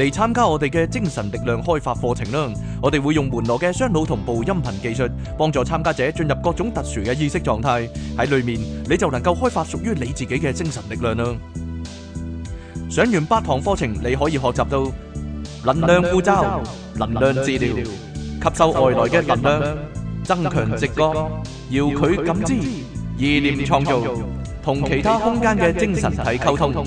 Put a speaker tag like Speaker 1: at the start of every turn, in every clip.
Speaker 1: 嚟參加我哋嘅精神力量開發課程啦！我哋會用門羅嘅雙腦同步音頻技術，幫助參加者進入各種特殊嘅意識狀態。喺裡面你就能夠開發屬於你自己嘅精神力量啦！上完八堂課程，你可以學習到能量護罩、能量治療、吸收外來嘅能量、增強直覺、遙距感知、意念創造、同其他空間嘅精神體溝通、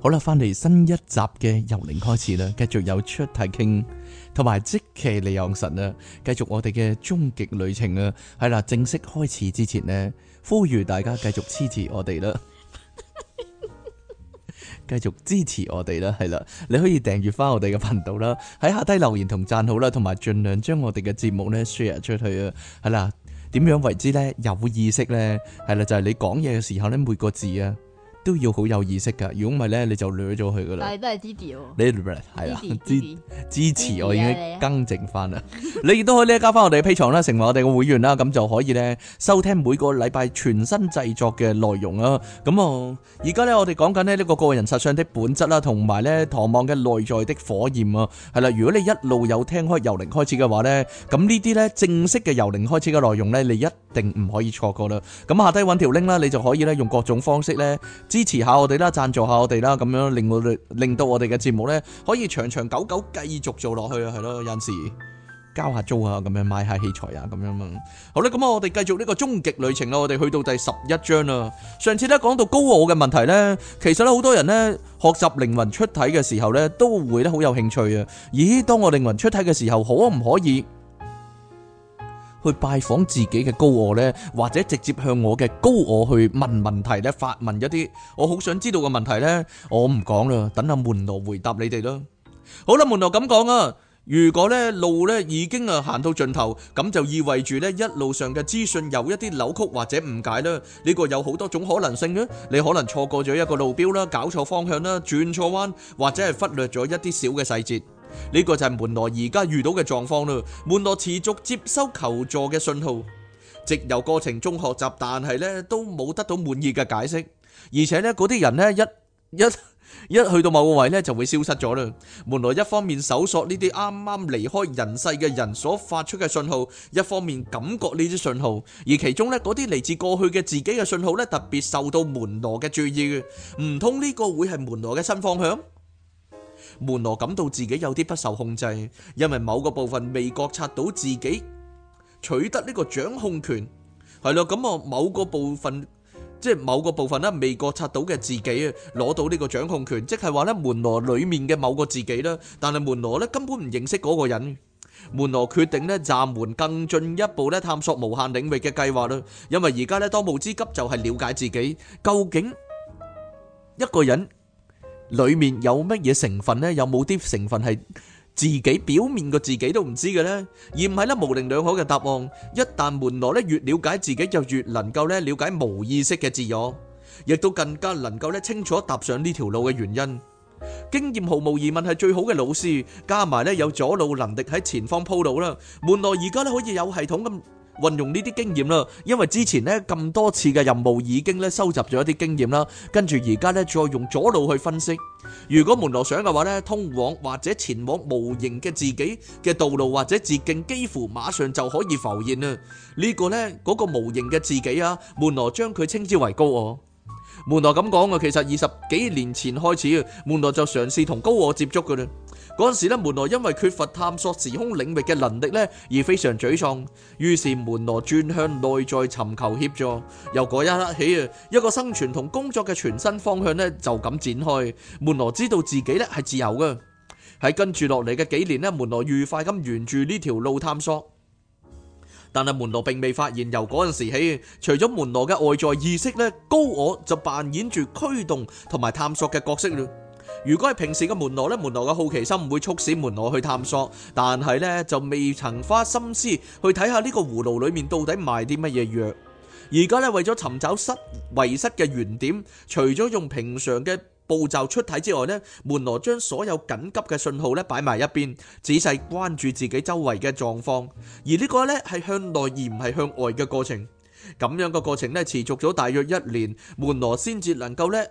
Speaker 1: 好啦，翻嚟新一集嘅由零開始啦，繼續有出題傾，同埋即期利昂神啦，繼續我哋嘅終極旅程啦。係啦，正式開始之前呢，呼籲大家繼續支持我哋啦，繼續支持我哋啦。係啦，你可以訂閱翻我哋嘅頻道啦，喺下低留言同讚好啦，同埋盡量將我哋嘅節目呢 share 出去啊。係啦，點樣為之呢？有意識呢？係啦，就係你講嘢嘅時候呢，每個字啊。都要好有意識噶，如果唔係咧，你就掠咗佢噶啦。
Speaker 2: 但
Speaker 1: 係都係 Diddy 喎，係啦，支持我已經更正翻啦。你亦、啊、都 可以呢，加翻我哋嘅 P 場啦，成為我哋嘅會員啦，咁就可以咧收聽每個禮拜全新製作嘅內容啦。咁我而家咧，我哋講緊咧呢個個人實相的本質啦，同埋咧唐望嘅內在的火焰啊，係啦。如果你一路有聽開由零開始嘅話咧，咁呢啲咧正式嘅由零開始嘅內容咧，你一定唔可以錯過啦。咁下低揾條 link 啦，你就可以咧用各種方式咧。支持下我哋啦，贊助下我哋啦，咁樣令我哋令到我哋嘅節目咧可以長長久久繼續做落去啊，係咯，有時交下租啊，咁樣買下器材啊，咁樣嘛。好咧，咁我哋繼續呢個終極旅程咯，我哋去到第十一章啦。上次咧講到高傲嘅問題咧，其實咧好多人咧學習靈魂出體嘅時候咧都會咧好有興趣啊。咦，當我靈魂出體嘅時候，可唔可以？去拜訪自己嘅高我呢，或者直接向我嘅高我去問問題呢，發問一啲我好想知道嘅問題呢，我唔講啦，等阿門羅回答你哋啦。好啦，門羅咁講啊，如果呢路呢已經啊行到盡頭，咁就意味住呢一路上嘅資訊有一啲扭曲或者誤解啦。呢個有好多種可能性啊，你可能錯過咗一個路標啦，搞錯方向啦，轉錯彎，或者係忽略咗一啲小嘅細節。呢個就係門羅而家遇到嘅狀況啦，門羅持續接收求助嘅信號，直由過程中學習，但係呢都冇得到滿意嘅解釋，而且呢，嗰啲人呢，一一一,一去到某個位呢就會消失咗啦。門羅一方面搜索呢啲啱啱離開人世嘅人所發出嘅信號，一方面感覺呢啲信號，而其中呢，嗰啲嚟自過去嘅自己嘅信號呢，特別受到門羅嘅注意嘅，唔通呢個會係門羅嘅新方向？門羅感到自己有啲不受控制，因為某個部分未覺察到自己取得呢個掌控權，係咯？咁我某個部分，即係某個部分咧，未覺察到嘅自己啊，攞到呢個掌控權，即係話咧，門羅裏面嘅某個自己啦，但係門羅咧根本唔認識嗰個人。門羅決定咧暫緩更進一步咧探索無限領域嘅計劃啦，因為而家咧當務之急就係了解自己究竟一個人，裏面有乜嘢成分咧？有冇啲成分係自己表面個自己都唔知嘅咧？而唔係咧模稜兩可嘅答案。一旦門內咧越了解自己，就越能夠咧了解無意識嘅自我，亦都更加能夠咧清楚踏上呢條路嘅原因。經驗毫無疑問係最好嘅老師，加埋咧有阻路能力喺前方鋪路啦。門內而家咧可以有系統咁。運用呢啲經驗啦，因為之前咧咁多次嘅任務已經咧收集咗一啲經驗啦，跟住而家咧再用左腦去分析。如果門羅想嘅話咧，通往或者前往無形嘅自己嘅道路或者捷徑，幾乎馬上就可以浮現啊！呢個咧嗰個無形嘅自己啊，門羅將佢稱之為高我。門羅咁講啊，其實二十幾年前開始，門羅就嘗試同高我接觸噶啦。嗰陣時咧，門羅因為缺乏探索時空領域嘅能力咧，而非常沮喪。於是門羅轉向內在尋求協助。由嗰一刻起啊，一個生存同工作嘅全新方向咧就咁展開。門羅知道自己咧係自由嘅。喺跟住落嚟嘅幾年咧，門羅愉快咁沿住呢條路探索。但係門羅並未發現，由嗰陣時起，除咗門羅嘅外在意識咧，高我就扮演住驅動同埋探索嘅角色。如果係平時嘅門羅咧，門羅嘅好奇心唔會促使門羅去探索，但係咧就未曾花心思去睇下呢個葫蘆裏面到底賣啲乜嘢藥。而家咧為咗尋找失遺失嘅原點，除咗用平常嘅步驟出體之外咧，門羅將所有緊急嘅信號咧擺埋一邊，仔細關注自己周圍嘅狀況。而呢個咧係向內而唔係向外嘅過程。咁樣嘅過程咧持續咗大約一年，門羅先至能夠咧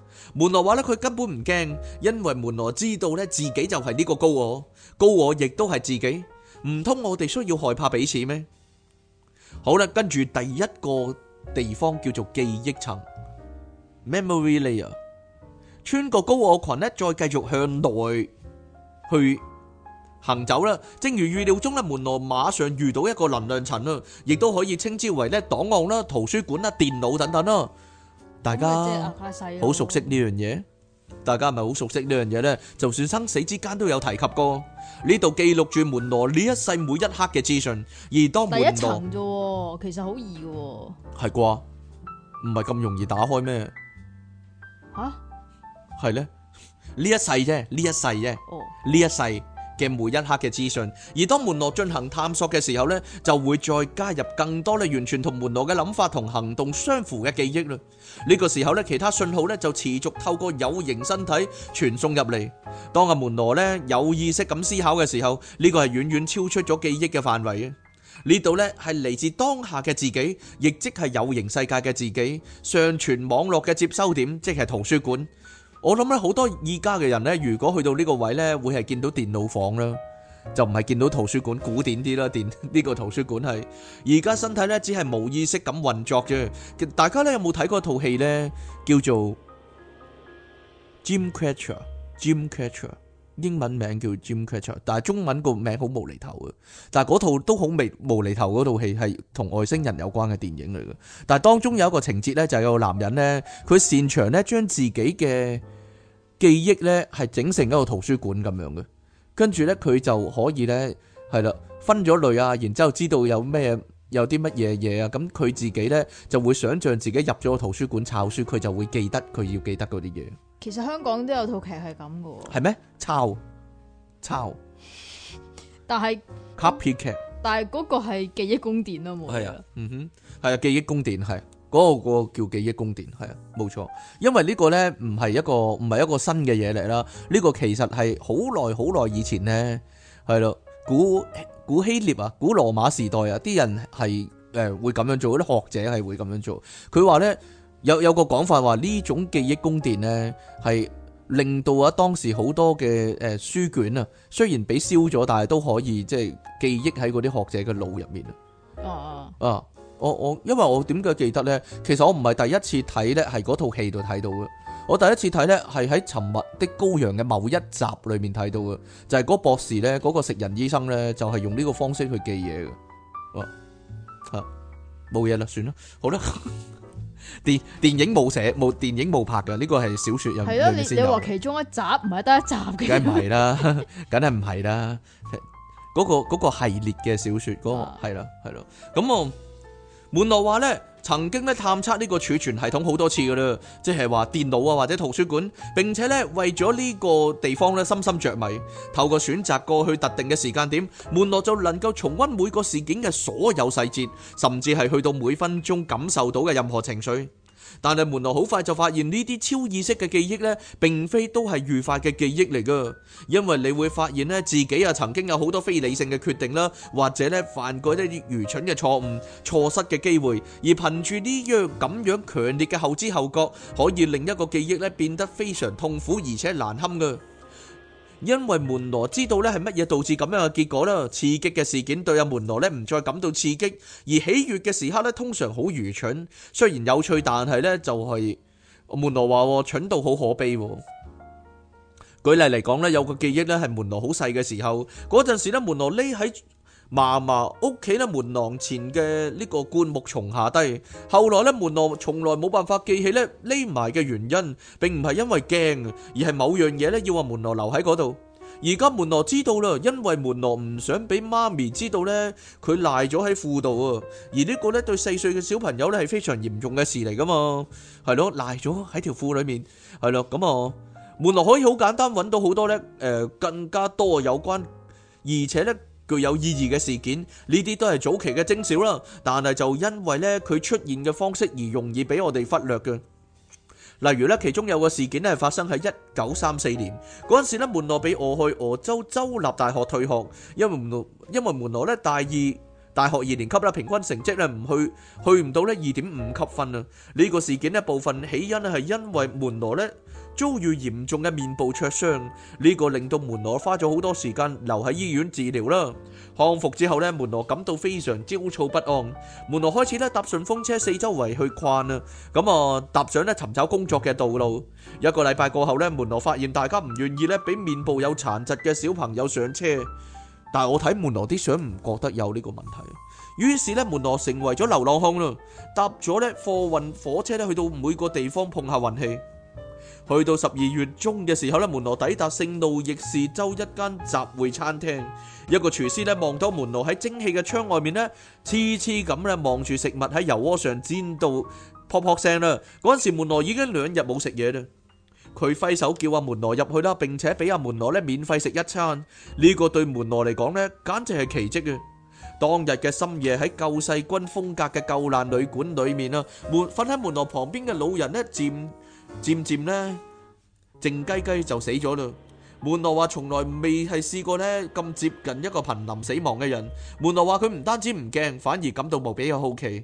Speaker 1: 門羅話咧，佢根本唔驚，因為門羅知道咧，自己就係呢個高我，高我亦都係自己，唔通我哋需要害怕彼此咩？好啦，跟住第一個地方叫做記憶層 （memory layer），穿過高我群咧，再繼續向內去行走啦。正如預料中啦，門羅馬上遇到一個能量層啊，亦都可以稱之為咧檔案啦、圖書館啦、電腦等等啦。大家好熟悉呢樣嘢，大家係咪好熟悉呢樣嘢咧？就算生死之間都有提及過，呢度記錄住門羅呢一世每一刻嘅資訊，而當門羅
Speaker 2: 第一層啫，其實好易嘅，
Speaker 1: 係啩？唔係咁容易打開咩？
Speaker 2: 吓，
Speaker 1: 係咧？呢一世啫，呢一世啫，哦，呢一世。嘅每一刻嘅資訊，而當門羅進行探索嘅時候呢，就會再加入更多咧，完全同門羅嘅諗法同行動相符嘅記憶啦。呢個時候呢，其他信號呢就持續透過有形身體傳送入嚟。當阿門羅呢有意識咁思考嘅時候，呢個係遠遠超出咗記憶嘅範圍啊！呢度呢係嚟自當下嘅自己，亦即係有形世界嘅自己上傳網絡嘅接收點，即係圖書館。我諗咧，好多依家嘅人咧，如果去到呢個位咧，會係見到電腦房啦，就唔係見到圖書館古典啲啦。電、這、呢個圖書館係而家身體咧，只係冇意識咁運作啫。大家咧有冇睇過套戲咧？叫做《Jim Catcher》，Jim Catcher。英文名叫 Jim Carrey，但係中文個名好無厘頭嘅。但係嗰套都好味，無厘頭嗰套戲係同外星人有關嘅電影嚟嘅。但係當中有一個情節呢，就係有個男人呢，佢擅長呢將自己嘅記憶呢係整成一個圖書館咁樣嘅。跟住呢，佢就可以呢，係啦，分咗類啊，然之後知道有咩有啲乜嘢嘢啊。咁佢自己呢，就會想象自己入咗個圖書館抄書，佢就會記得佢要記得嗰啲嘢。
Speaker 2: 其實香港都有套劇係咁噶喎，
Speaker 1: 係咩？抄抄，
Speaker 2: 但係 copy 劇，但係嗰個係記憶宮殿咯，冇係啊，嗯
Speaker 1: 哼，係啊，記憶宮殿係嗰個，啊嗰個叫記憶宮殿係啊，冇錯，因為呢個咧唔係一個唔係一個新嘅嘢嚟啦，呢、呢個其實係好耐好耐以前咧，係咯，古古希臘啊，古羅、啊、馬時代啊，啲人係誒會咁樣做，啲學者係會咁樣做，佢話咧。有有個講法話呢種記憶供電呢，係令到啊當時好多嘅誒書卷啊，雖然俾燒咗，但係都可以即係記憶喺嗰啲學者嘅腦入面啊。哦啊！我我因為我點解記得呢？其實我唔係第一次睇呢，係嗰套戲度睇到嘅。我第一次睇呢，係喺《沉默的羔羊》嘅某一集裏面睇到嘅，就係、是、嗰博士呢，嗰、那個食人醫生呢，就係用呢個方式去記嘢嘅。啊啊，冇嘢啦，算啦，好啦。 電電影冇寫，冇電影冇拍嘅，呢個係小說入係咯，你你話其
Speaker 2: 中一集唔係得一集嘅。梗係唔係
Speaker 1: 啦，梗係唔係啦，嗰、嗰個、嗰個系列嘅小說嗰、嗰個係啦係咯，咁、啊、我。門羅話咧，曾經咧探測呢個儲存系統好多次㗎喇，即係話電腦啊或者圖書館，並且咧為咗呢個地方咧深深着迷。透過選擇過去特定嘅時間點，門羅就能夠重溫每個事件嘅所有細節，甚至係去到每分鐘感受到嘅任何情緒。但係門羅好快就發現呢啲超意識嘅記憶呢，並非都係愉快嘅記憶嚟噶，因為你會發現呢，自己啊曾經有好多非理性嘅決定啦，或者呢犯過一啲愚蠢嘅錯誤、錯失嘅機會，而憑住呢樣咁樣強烈嘅後知後覺，可以令一個記憶呢變得非常痛苦而且難堪噶。因為門羅知道咧係乜嘢導致咁樣嘅結果啦，刺激嘅事件對阿門羅咧唔再感到刺激，而喜悅嘅時刻咧通常好愚蠢，雖然有趣，但係呢就係、是、門羅話，蠢到好可悲。舉例嚟講咧，有個記憶咧係門羅好細嘅時候，嗰陣時咧門羅匿喺。嫲嫲屋企咧門廊前嘅呢個灌木叢下低，後來咧門羅從來冇辦法記起咧匿埋嘅原因，並唔係因為驚，而係某樣嘢咧要話門羅留喺嗰度。而家門羅知道啦，因為門羅唔想俾媽咪知道咧佢賴咗喺褲度啊！而呢個咧對四歲嘅小朋友咧係非常嚴重嘅事嚟噶嘛，係咯賴咗喺條褲裏面，係咯咁啊門羅可以好簡單揾到好多咧誒更加多有關而且咧。具有意義嘅事件，呢啲都係早期嘅徵兆啦。但係就因為呢，佢出現嘅方式而容易俾我哋忽略嘅。例如呢，其中有個事件呢係發生喺一九三四年嗰陣時呢，門羅俾我去俄州州立大學退學，因為門因為門羅呢大二大學二年級啦，平均成績呢唔去去唔到呢二點五級分啊。呢個事件呢部分起因呢係因為門羅呢。遭遇嚴重嘅面部灼傷，呢個令到門羅花咗好多時間留喺醫院治療啦。康復之後咧，門羅感到非常焦躁不安，門羅開始咧搭順風車四周圍去逛啊。咁啊，踏上咧尋找工作嘅道路。一個禮拜過後咧，門羅發現大家唔願意咧俾面部有殘疾嘅小朋友上車，但係我睇門羅啲相唔覺得有呢個問題。於是咧，門羅成為咗流浪漢啦，搭咗咧貨運火車咧去到每個地方碰下運氣。去到十二月中嘅時候咧，門羅抵達聖路易士州一間集會餐廳，一個廚師咧望到門羅喺蒸汽嘅窗外面呢黐黐咁咧望住食物喺油鍋上煎到撲撲聲啦。嗰陣時門羅已經兩日冇食嘢啦，佢揮手叫阿門羅入去啦，並且俾阿門羅咧免費食一餐。呢、這個對門羅嚟講呢，簡直係奇迹啊！當日嘅深夜喺救世軍風格嘅舊爛旅館裏面啦，門瞓喺門羅旁邊嘅老人呢，漸。漸漸呢，靜雞雞就死咗咯。門羅話從來未係試過呢咁接近一個瀕臨死亡嘅人。門羅話佢唔單止唔驚，反而感到無比嘅好奇。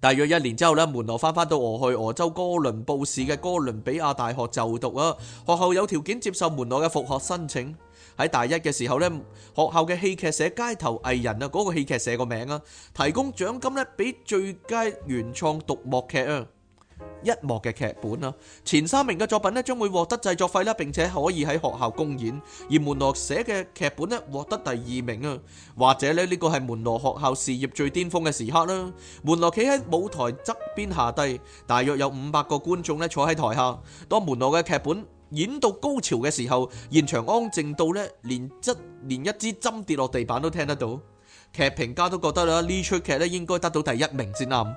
Speaker 1: 大約一年之後呢，門羅翻翻到俄亥俄州哥倫布市嘅哥倫比亞大學就讀啊。學校有條件接受門羅嘅復學申請。喺大一嘅時候呢，學校嘅戲劇社街頭藝人啊，嗰個戲劇社個名啊，提供獎金呢俾最佳原創獨幕劇啊。一幕嘅劇本啦，前三名嘅作品咧將會獲得製作費啦，並且可以喺學校公演。而門羅寫嘅劇本咧獲得第二名啊，或者咧呢個係門羅學校事業最巔峰嘅時刻啦。門羅企喺舞台側邊下低，大約有五百個觀眾咧坐喺台下。當門羅嘅劇本演到高潮嘅時候，現場安靜到咧連一連一支針跌落地板都聽得到。劇評家都覺得啦呢出劇咧應該得到第一名先啱。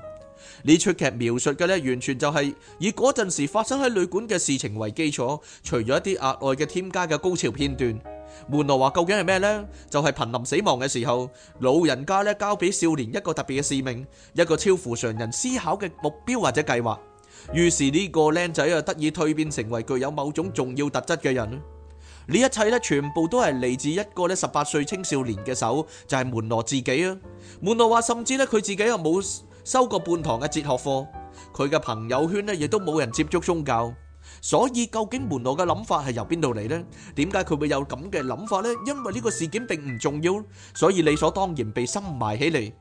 Speaker 1: 呢出劇描述嘅咧，完全就係以嗰陣時發生喺旅館嘅事情為基礎，除咗一啲額外嘅添加嘅高潮片段。門羅話，究竟係咩呢？就係瀕臨死亡嘅時候，老人家咧交俾少年一個特別嘅使命，一個超乎常人思考嘅目標或者計劃。於是呢個靚仔啊得以蛻變成為具有某種重要特質嘅人。呢一切咧全部都係嚟自一個咧十八歲青少年嘅手，就係門羅自己啊。門羅話甚至咧佢自己又冇修過半堂嘅哲學課，佢嘅朋友圈呢亦都冇人接觸宗教，所以究竟門羅嘅諗法係由邊度嚟呢？點解佢會有咁嘅諗法呢？因為呢個事件並唔重要，所以理所當然被深埋起嚟，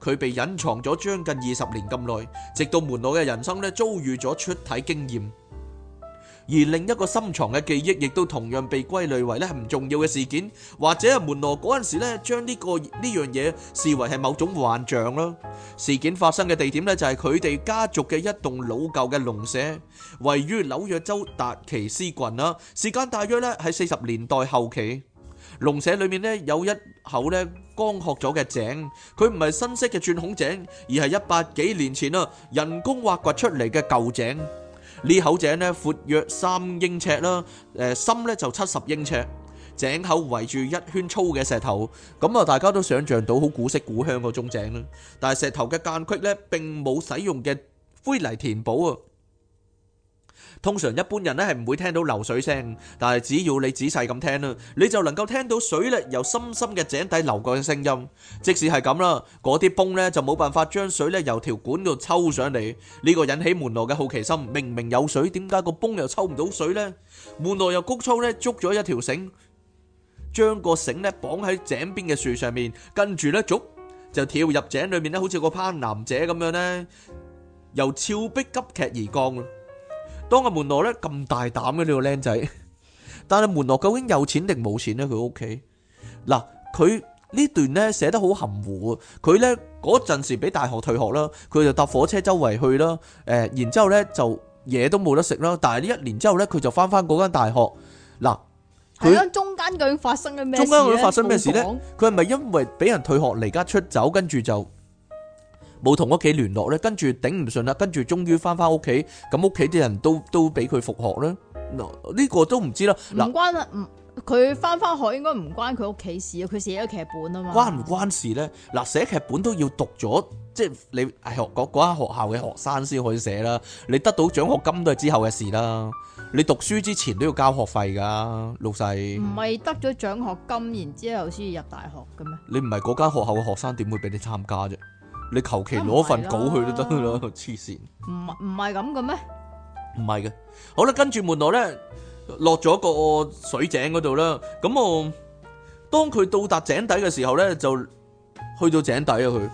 Speaker 1: 佢被隱藏咗將近二十年咁耐，直到門羅嘅人生呢遭遇咗出體經驗。而另一個深藏嘅記憶，亦都同樣被歸類為咧唔重要嘅事件，或者係門羅嗰陣時咧，將呢個呢樣嘢視為係某種幻象咯。事件發生嘅地點咧，就係佢哋家族嘅一棟老舊嘅農舍，位於紐約州達奇斯郡啦。時間大約咧喺四十年代後期。農舍裏面咧有一口咧乾涸咗嘅井，佢唔係新式嘅鑽孔井，而係一百幾年前啊人工挖掘出嚟嘅舊井。呢口井呢，闊約三英尺啦，誒深咧就七十英尺，井口圍住一圈粗嘅石頭，咁啊大家都想像到好古色古香個種井啦。但係石頭嘅間隙呢，並冇使用嘅灰泥填補啊。通常一般人咧係唔會聽到流水聲，但係只要你仔細咁聽啦，你就能夠聽到水咧由深深嘅井底流過嘅聲音。即使係咁啦，嗰啲泵咧就冇辦法將水咧由條管度抽上嚟。呢個引起門羅嘅好奇心。明明有水，點解個泵又抽唔到水咧？門羅又谷粗咧，捉咗一條繩，將個繩咧綁喺井邊嘅樹上面，跟住咧捉就跳入井裏面咧，好似個攀岩者咁樣咧，由峭壁急劇而降啦。當個門羅咧咁大膽嘅呢個僆仔，但係門羅究竟有錢定冇錢咧？佢屋企嗱，佢呢段咧寫得好含糊。佢咧嗰陣時俾大學退學啦，佢就搭火車周圍去啦，誒，然之後咧就嘢都冇得食啦。但係呢一年之後咧，佢就翻翻嗰間大學。嗱，佢，
Speaker 2: 中間究竟發生咗咩？中間究竟發生咩事咧？
Speaker 1: 佢係咪因為俾人退學離家出走，跟住就？冇同屋企聯絡咧，跟住頂唔順，這個、關啦，跟住終於翻翻屋企，咁屋企啲人都都俾佢復學咧。嗱，呢個都唔知啦。嗱，唔關
Speaker 2: 唔佢翻翻學應該唔關佢屋企事啊，佢寫咗劇本啊嘛。關唔
Speaker 1: 關事咧？嗱，寫劇本都要讀咗，即係你係學嗰間學校嘅學生先可以寫啦。你得到獎學金都係之後嘅事啦。你讀書之前都要交學費㗎，老細。
Speaker 2: 唔係得咗獎學金，然之後先入大學嘅咩？
Speaker 1: 你唔係嗰間學校嘅學生，點會俾你參加啫？你求其攞份稿去都得咯，黐線！
Speaker 2: 唔唔係咁嘅咩？
Speaker 1: 唔係嘅，好啦，跟住門內咧落咗個水井嗰度啦。咁我當佢到達井底嘅時候咧，就去到井底啊！佢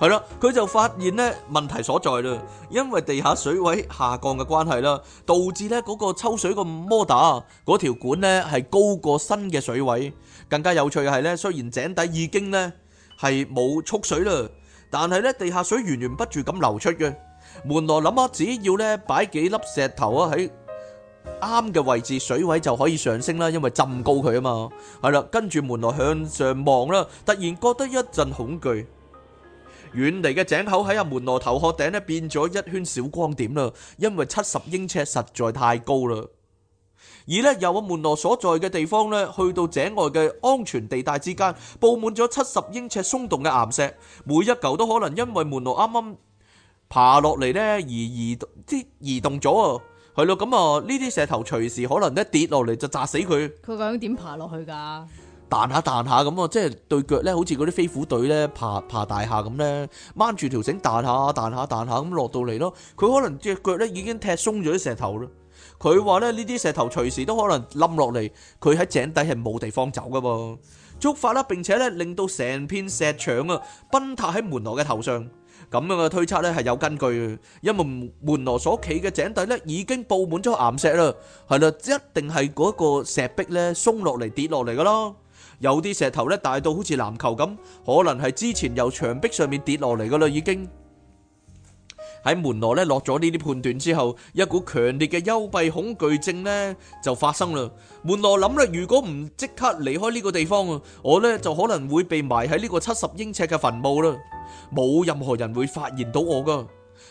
Speaker 1: 係啦，佢就發現咧問題所在啦，因為地下水位下降嘅關係啦，導致咧嗰個抽水個摩打嗰條管咧係高過新嘅水位。更加有趣嘅係咧，雖然井底已經咧係冇蓄水啦。但係咧，地下水源源不住咁流出嘅，門羅諗下，只要咧擺幾粒石頭啊喺啱嘅位置，水位就可以上升啦，因為浸高佢啊嘛，係啦，跟住門羅向上望啦，突然覺得一陣恐懼，遠離嘅井口喺阿門羅頭殼頂咧變咗一圈小光點啦，因為七十英尺實在太高啦。而咧，由我門羅所在嘅地方咧，去到井外嘅安全地帶之間，布滿咗七十英尺鬆動嘅岩石，每一嚿都可能因為門羅啱啱爬落嚟咧而移啲移動咗啊！係咯，咁啊呢啲石頭隨時可能一跌落嚟就砸死佢。
Speaker 2: 佢究竟點爬落去噶？
Speaker 1: 彈下彈下咁啊，即係對腳咧，好似嗰啲飛虎隊咧爬爬，爬大廈咁咧，掹住條繩彈下彈下彈下咁落到嚟咯。佢可能隻腳咧已經踢鬆咗啲石頭啦。佢話咧，呢啲石頭隨時都可能冧落嚟，佢喺井底係冇地方走噶噃，觸發啦，並且咧令到成片石牆啊崩塌喺門羅嘅頭上。咁樣嘅推測咧係有根據嘅，因為門羅所企嘅井底咧已經布滿咗岩石啦，係啦，一定係嗰個石壁咧鬆落嚟跌落嚟噶咯。有啲石頭咧大到好似籃球咁，可能係之前由牆壁上面跌落嚟噶啦，已經。喺門羅咧落咗呢啲判斷之後，一股強烈嘅幽閉恐懼症呢就發生啦。門羅諗啦，如果唔即刻離開呢個地方，我呢就可能會被埋喺呢個七十英尺嘅墳墓啦，冇任何人會發現到我噶。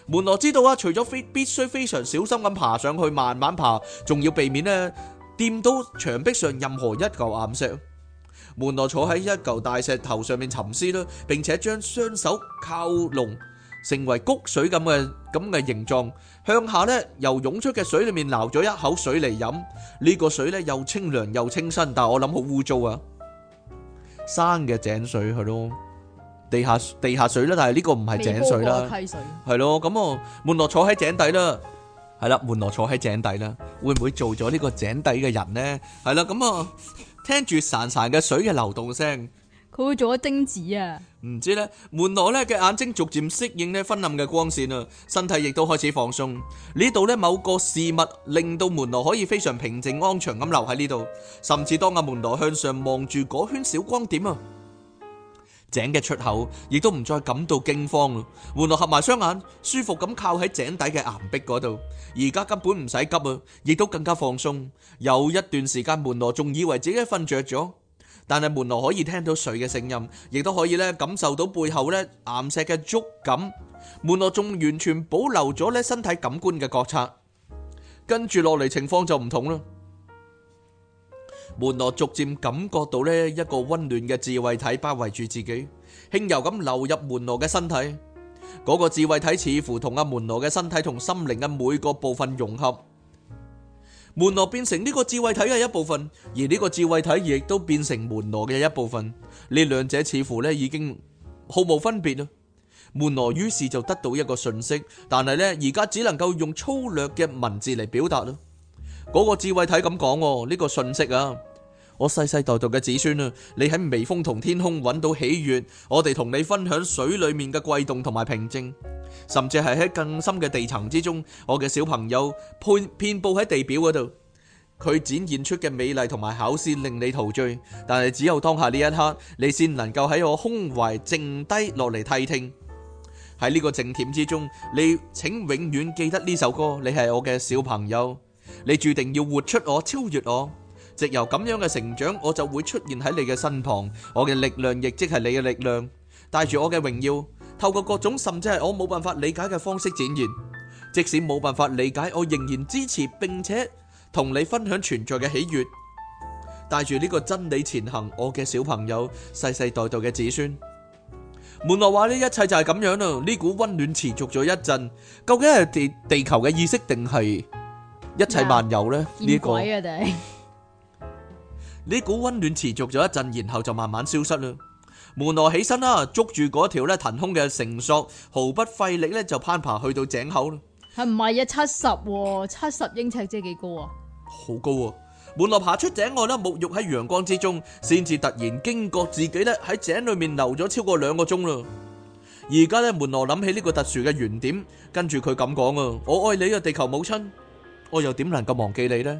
Speaker 1: 門羅知道啊，除咗非必須非常小心咁爬上去，慢慢爬，仲要避免呢掂到牆壁上任何一嚿岩石。門羅坐喺一嚿大石頭上面沉思啦，並且將雙手靠攏。成為谷水咁嘅咁嘅形狀，向下咧由湧出嘅水裏面流咗一口水嚟飲，呢個水咧又清涼又清新，但係我諗好污糟啊！山嘅井水係咯，地下地下水啦，但係呢個唔係井水啦，係咯，咁啊，門羅坐喺井底啦，係啦，門羅坐喺井底啦，會唔會做咗呢個井底嘅人呢？係啦，咁啊，聽住潺潺嘅水嘅流動聲。
Speaker 2: 佢會做咗釘子啊！
Speaker 1: 唔知呢，門羅呢嘅眼睛逐漸適應呢昏暗嘅光線啊，身體亦都開始放鬆。呢度呢某個事物令到門羅可以非常平靜安詳咁留喺呢度。甚至當阿門羅向上望住嗰圈小光點啊，井嘅出口亦都唔再感到驚慌咯。門羅合埋雙眼，舒服咁靠喺井底嘅岩壁嗰度。而家根本唔使急啊，亦都更加放鬆。有一段時間，門羅仲以為自己瞓着咗。但係門羅可以聽到水嘅聲音，亦都可以咧感受到背後咧岩石嘅觸感。門羅仲完全保留咗咧身體感官嘅覺察。跟住落嚟情況就唔同啦。門羅逐漸感覺到咧一個溫暖嘅智慧體包圍住自己，輕柔咁流入門羅嘅身體。嗰個智慧體似乎同阿門羅嘅身體同心靈嘅每個部分融合。門羅變成呢個智慧體嘅一部分，而呢個智慧體亦都變成門羅嘅一部分，呢兩者似乎咧已經毫無分別咯。門羅於是就得到一個訊息，但係呢而家只能夠用粗略嘅文字嚟表達咯。嗰個智慧體咁講喎，呢個訊息啊。我世世代代嘅子孫啊！你喺微風同天空揾到喜悦，我哋同你分享水裏面嘅悸動同埋平靜，甚至係喺更深嘅地層之中，我嘅小朋友，遍佈喺地表嗰度，佢展現出嘅美麗同埋巧思令你陶醉，但係只有當下呢一刻，你先能夠喺我胸懷靜低落嚟諦聽。喺呢個靜恬之中，你請永遠記得呢首歌，你係我嘅小朋友，你注定要活出我，超越我。直由咁樣嘅成長，我就會出現喺你嘅身旁。我嘅力量亦即係你嘅力量，帶住我嘅榮耀，透過各種甚至係我冇辦法理解嘅方式展現。即使冇辦法理解，我仍然支持，並且同你分享存在嘅喜悅。帶住呢個真理前行，我嘅小朋友，世世代代嘅子孫。門羅話呢一切就係咁樣咯。呢股溫暖持續咗一陣，究竟係地地球嘅意識定係一切漫遊呢？呢個。見鬼啊！哋。呢股溫暖持續咗一陣，然後就慢慢消失啦。門羅起身啦，捉住嗰條咧，騰空嘅繩索，毫不費力咧就攀爬去到井口啦。
Speaker 2: 係唔係啊？七十，七十英尺即係幾高啊？
Speaker 1: 好高啊！門羅爬出井外啦，沐浴喺陽光之中，先至突然驚覺自己咧喺井裏面留咗超過兩個鐘啦。而家咧，門羅諗起呢個特殊嘅原點，跟住佢咁講啊：我愛你啊，地球母親，我又點能夠忘記你呢？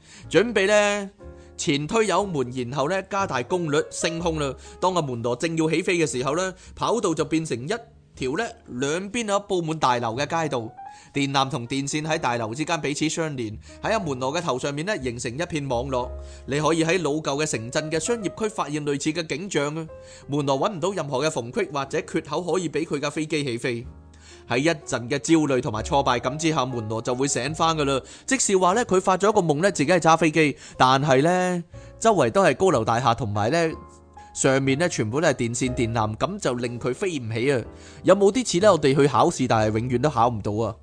Speaker 1: 準備呢，前推油門，然後呢，加大功率升空啦。當阿門羅正要起飛嘅時候呢，跑道就變成一條咧，兩邊啊布滿大樓嘅街道，電纜同電線喺大樓之間彼此相連，喺阿門羅嘅頭上面咧，形成一片網絡。你可以喺老舊嘅城鎮嘅商業區發現類似嘅景象啊。門羅揾唔到任何嘅縫隙或者缺口可以俾佢架飛機起飛。喺一陣嘅焦慮同埋挫敗感之下，門羅就會醒翻噶啦。即是話咧，佢發咗一個夢咧，自己係揸飛機，但係咧周圍都係高樓大廈，同埋咧上面咧全部都係電線電纜，咁就令佢飛唔起啊！有冇啲似咧？我哋去考試，但係永遠都考唔到啊！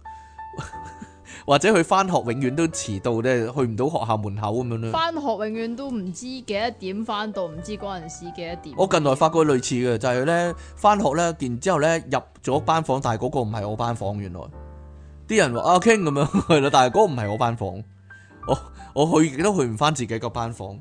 Speaker 1: 或者佢翻學永遠都遲到咧，去唔到學校門口咁樣咧。翻
Speaker 2: 學永遠都唔知幾多點翻到，唔知嗰陣時幾多點。我
Speaker 1: 近來發覺類似嘅，就係咧翻學咧，然之後咧入咗班房，但係嗰個唔係我班房。原來啲人話阿 King 咁樣係啦，但係嗰個唔係我班房。我我去亦都去唔翻自己個班房。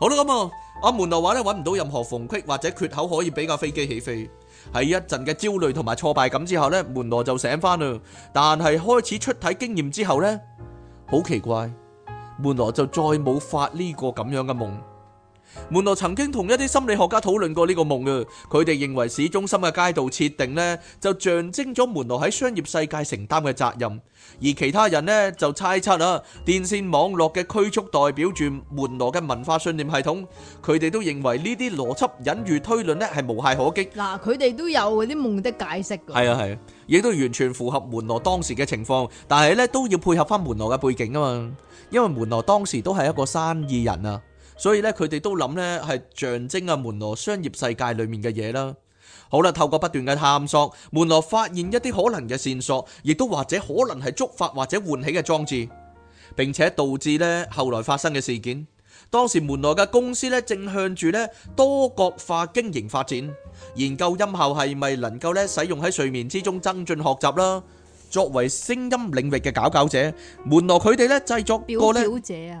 Speaker 1: 好啦，咁啊，阿門內話咧揾唔到任何縫隙或者缺口可以俾架飛機起飛。喺一陣嘅焦慮同埋挫敗感之後咧，門羅就醒翻啦。但係開始出體經驗之後咧，好奇怪，門羅就再冇發呢個咁樣嘅夢。門羅曾經同一啲心理學家討論過呢個夢啊，佢哋認為市中心嘅街道設定呢，就象徵咗門羅喺商業世界承擔嘅責任，而其他人呢，就猜測啦，電線網絡嘅驅逐代表住門羅嘅文化信念系統，佢哋都認為呢啲邏輯隱喻推論呢係無懈可擊。
Speaker 2: 嗱，佢哋都有嗰啲夢的解釋，係
Speaker 1: 啊係啊，亦、啊、都完全符合門羅當時嘅情況，但係呢，都要配合翻門羅嘅背景啊嘛，因為門羅當時都係一個生意人啊。所以咧，佢哋都諗咧係象徵啊，門羅商業世界裏面嘅嘢啦。好啦，透過不斷嘅探索，門羅發現一啲可能嘅線索，亦都或者可能係觸發或者喚起嘅裝置，並且導致咧後來發生嘅事件。當時門羅嘅公司咧正向住咧多角化經營發展，研究音效係咪能夠咧使用喺睡眠之中增進學習啦。作為聲音領域嘅佼佼者，門羅佢哋咧製作個咧。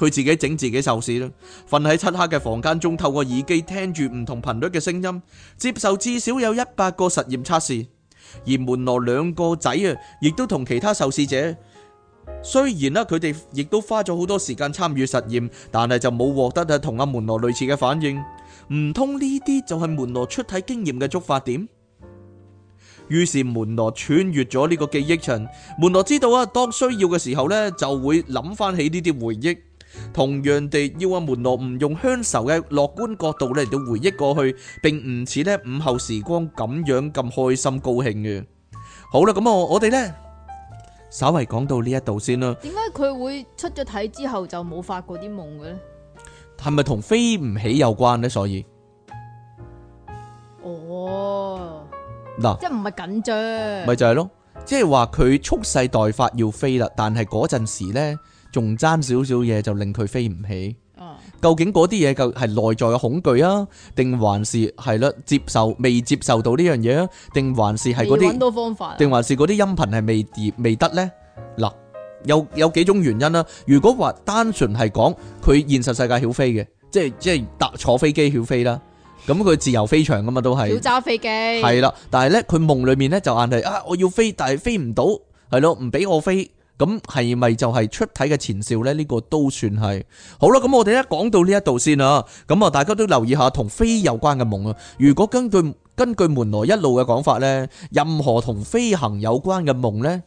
Speaker 1: 佢自己整自己受試啦，瞓喺漆黑嘅房間中，透過耳機聽住唔同頻率嘅聲音，接受至少有一百個實驗測試。而門羅兩個仔啊，亦都同其他受試者，雖然啦，佢哋亦都花咗好多時間參與實驗，但係就冇獲得啊同阿門羅類似嘅反應。唔通呢啲就係門羅出體經驗嘅觸發點？於是門羅穿越咗呢個記憶層。門羅知道啊，當需要嘅時候呢，就會諗翻起呢啲回憶。同樣地，要阿門羅唔用鄉愁嘅樂觀角度咧嚟到回憶過去，並唔似咧午後時光咁樣咁開心高興嘅。好啦，咁我我哋呢，稍微講到呢一度先啦。
Speaker 2: 點解佢會出咗體之後就冇發過啲夢嘅呢？
Speaker 1: 係咪同飛唔起有關呢？所以，
Speaker 2: 哦，嗱，即係唔係緊張，咪
Speaker 1: 就係咯，即係話佢蓄勢待發要飛啦，但係嗰陣時呢。仲爭少少嘢就令佢飛唔起，究竟嗰啲嘢係內在嘅恐懼啊，定還是係啦接受，未接受到呢樣嘢啊，定還是係嗰啲？你揾多
Speaker 2: 方法。定還
Speaker 1: 是嗰啲音頻係未跌未得咧？嗱，有有幾種原因啦。如果話單純係講佢現實世界曉飛嘅，即係即係搭坐飛機曉飛啦，咁佢自由飛翔噶嘛都係。要揸
Speaker 2: 飛機係啦，
Speaker 1: 但係咧佢夢裏面咧就硬係啊，我要飛，但係飛唔到，係咯，唔俾我飛。咁係咪就係出體嘅前兆咧？呢個都算係好啦。咁我哋一講到呢一度先啊。咁啊，大家都留意下同飛有關嘅夢啊。如果根據根據門羅一路嘅講法咧，任何同飛行有關嘅夢咧，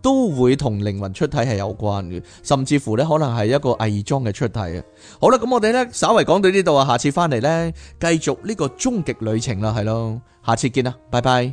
Speaker 1: 都會同靈魂出體係有關嘅，甚至乎咧可能係一個偽裝嘅出體啊。好啦，咁我哋咧稍微講到呢度啊，下次翻嚟咧繼續呢個終極旅程啦，係咯，下次見啦，拜拜。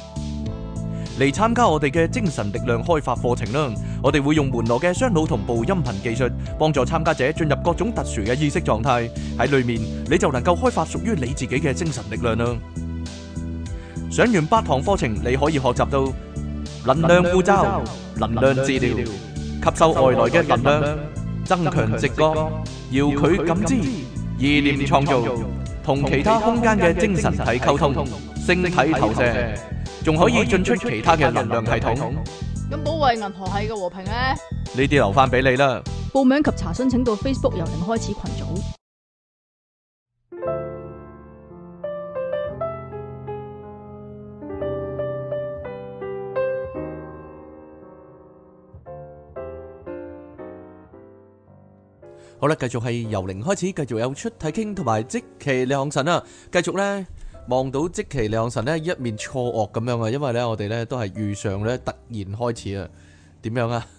Speaker 1: 嚟參加我哋嘅精神力量開發課程啦！我哋會用門羅嘅雙腦同步音頻技術，幫助參加者進入各種特殊嘅意識狀態。喺裏面你就能夠開發屬於你自己嘅精神力量啦！上完八堂課程，你可以學習到能量護罩、能量治療、吸收外來嘅能量、增強直覺、遙距感知、意念創造、同其他空間嘅精神體溝通、星體投射。仲可以進出其他嘅能量系統。
Speaker 2: 咁保衛銀河系嘅和平咧？
Speaker 1: 呢啲留翻俾你啦。
Speaker 2: 報名及查詢請到 Facebook 由零開始群組。
Speaker 1: 好啦，繼續係由零開始，繼續有出體傾同埋即期兩神啊！繼續咧。望到即其兩神呢一面錯愕咁樣啊，因為呢，我哋呢都係遇上呢突然開始啊，點樣啊？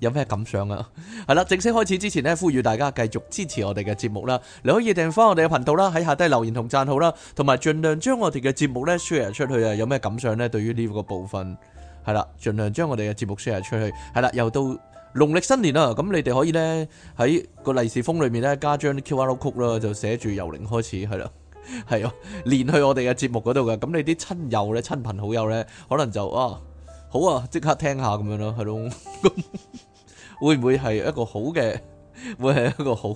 Speaker 1: 有咩感想啊？係 啦，正式開始之前呢，呼籲大家繼續支持我哋嘅節目啦。你可以訂翻我哋嘅頻道啦，喺下低留言同讚好啦，同埋盡量將我哋嘅節目呢 share 出去啊！有咩感想呢？對於呢個部分係啦，盡量將我哋嘅節目 share 出去。係啦，又到農曆新年啦，咁你哋可以呢，喺個利是封裏面呢，加張 QR Code 啦，就寫住由零開始係啦。係啊，連去我哋嘅節目嗰度嘅，咁你啲親友咧、親朋好友咧，可能就啊，好啊，即刻聽下咁樣咯，係咯，咁會唔會係一個好嘅？會係一個好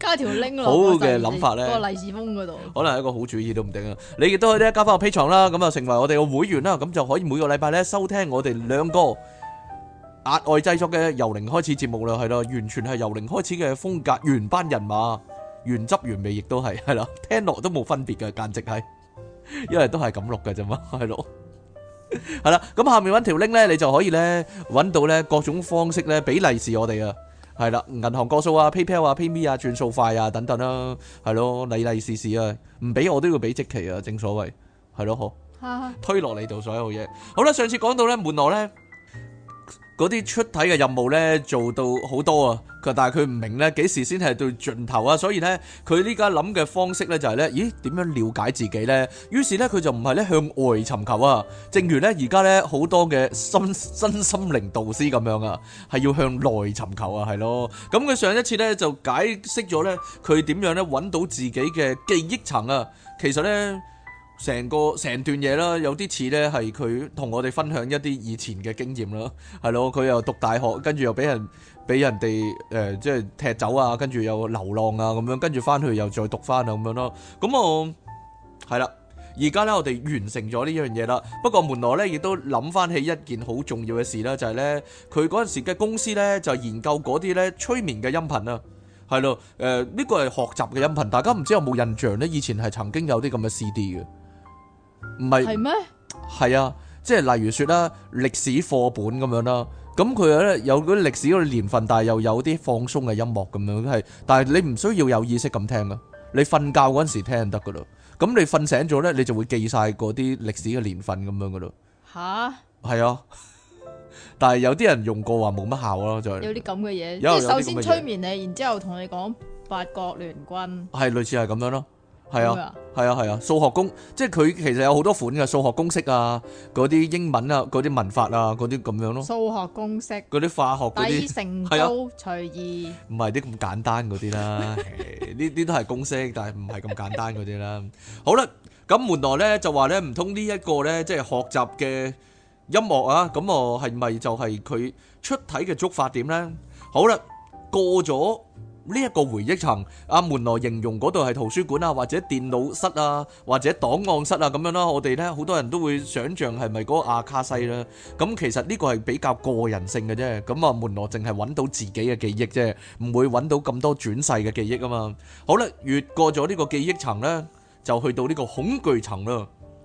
Speaker 1: 加條 link 落好嘅諗法咧，個利是
Speaker 2: 封嗰度，
Speaker 1: 可能係一個好主意都唔定啊！你亦都可以咧加翻個 P 場啦，咁啊成為我哋嘅會員啦，咁就可以每個禮拜咧收聽我哋兩個額外製作嘅由零開始節目啦，係咯，完全係由零開始嘅風格，原班人馬。原汁原味，亦都係係咯，聽落都冇分別嘅，簡直係，因為都係咁錄嘅啫嘛，係咯，係啦。咁下面揾條 link 咧，你就可以咧揾到咧各種方式咧俾利是我哋啊，係啦，銀行過數啊，PayPal 啊，PayMe 啊，轉數快啊等等啦，係咯，利利是是啊，唔俾我都要俾即期啊，正所謂係咯，好，推落你度所有嘢，好啦，上次講到咧，門羅咧。嗰啲出體嘅任務咧做到好多啊，佢但係佢唔明咧幾時先係到盡頭啊，所以咧佢呢家諗嘅方式咧就係咧，咦點樣了解自己咧？於是咧佢就唔係咧向外尋求啊，正如咧而家咧好多嘅新新心靈導師咁樣啊，係要向內尋求啊，係咯。咁佢上一次咧就解釋咗咧佢點樣咧揾到自己嘅記憶層啊，其實咧。成個成段嘢啦，有啲似呢，係佢同我哋分享一啲以前嘅經驗啦，係咯，佢又讀大學，跟住又俾人俾人哋誒、呃、即係踢走啊，跟住又流浪啊咁樣，跟住翻去又再讀翻啊咁樣咯。咁我係啦，而家呢，我哋完成咗呢樣嘢啦。不過門羅呢，亦都諗翻起一件好重要嘅事啦，就係、是、呢，佢嗰陣時嘅公司呢，就研究嗰啲呢催眠嘅音頻啊，係咯，誒、呃、呢、這個係學習嘅音頻，大家唔知有冇印象呢？以前係曾經有啲咁嘅 CD 嘅。唔係係咩？係啊，即係例如說啦，歷史課本咁樣啦，咁佢咧有啲歷史嗰個年份，但係又有啲放鬆嘅音樂咁樣，係，但係你唔需要有意識咁聽咯，你瞓覺嗰陣時聽就得噶啦，咁你瞓醒咗咧，你就會記晒嗰啲歷史嘅年份咁樣噶咯。
Speaker 2: 吓，
Speaker 1: 係啊，但係有啲人用過話冇乜效咯，就係有啲咁嘅嘢，即係首先催
Speaker 2: 眠你，然之後同你講八國聯軍，
Speaker 1: 係類似係咁樣咯。係啊，係啊，係啊，數學公，即係佢其實有好多款嘅數學公式啊，嗰啲英文啊，嗰啲文法啊，嗰啲咁樣咯。數
Speaker 2: 學公式，
Speaker 1: 嗰啲化學嗰啲，係啊，
Speaker 2: 隨意。
Speaker 1: 唔係啲咁簡單嗰啲啦，呢啲都係公式，但係唔係咁簡單嗰啲啦。好啦，咁原來咧就話咧，唔通呢一個咧，即係學習嘅音樂啊，咁我係咪就係佢出體嘅觸發點咧？好啦，過咗。呢一個回憶層，阿門羅形容嗰度係圖書館啊，或者電腦室啊，或者檔案室啊咁樣啦。我哋呢，好多人都會想象係咪嗰個阿卡西啦？咁其實呢個係比較個人性嘅啫。咁啊，門羅淨係揾到自己嘅記憶啫，唔會揾到咁多轉世嘅記憶啊嘛。好啦，越過咗呢個記憶層呢，就去到呢個恐懼層啦。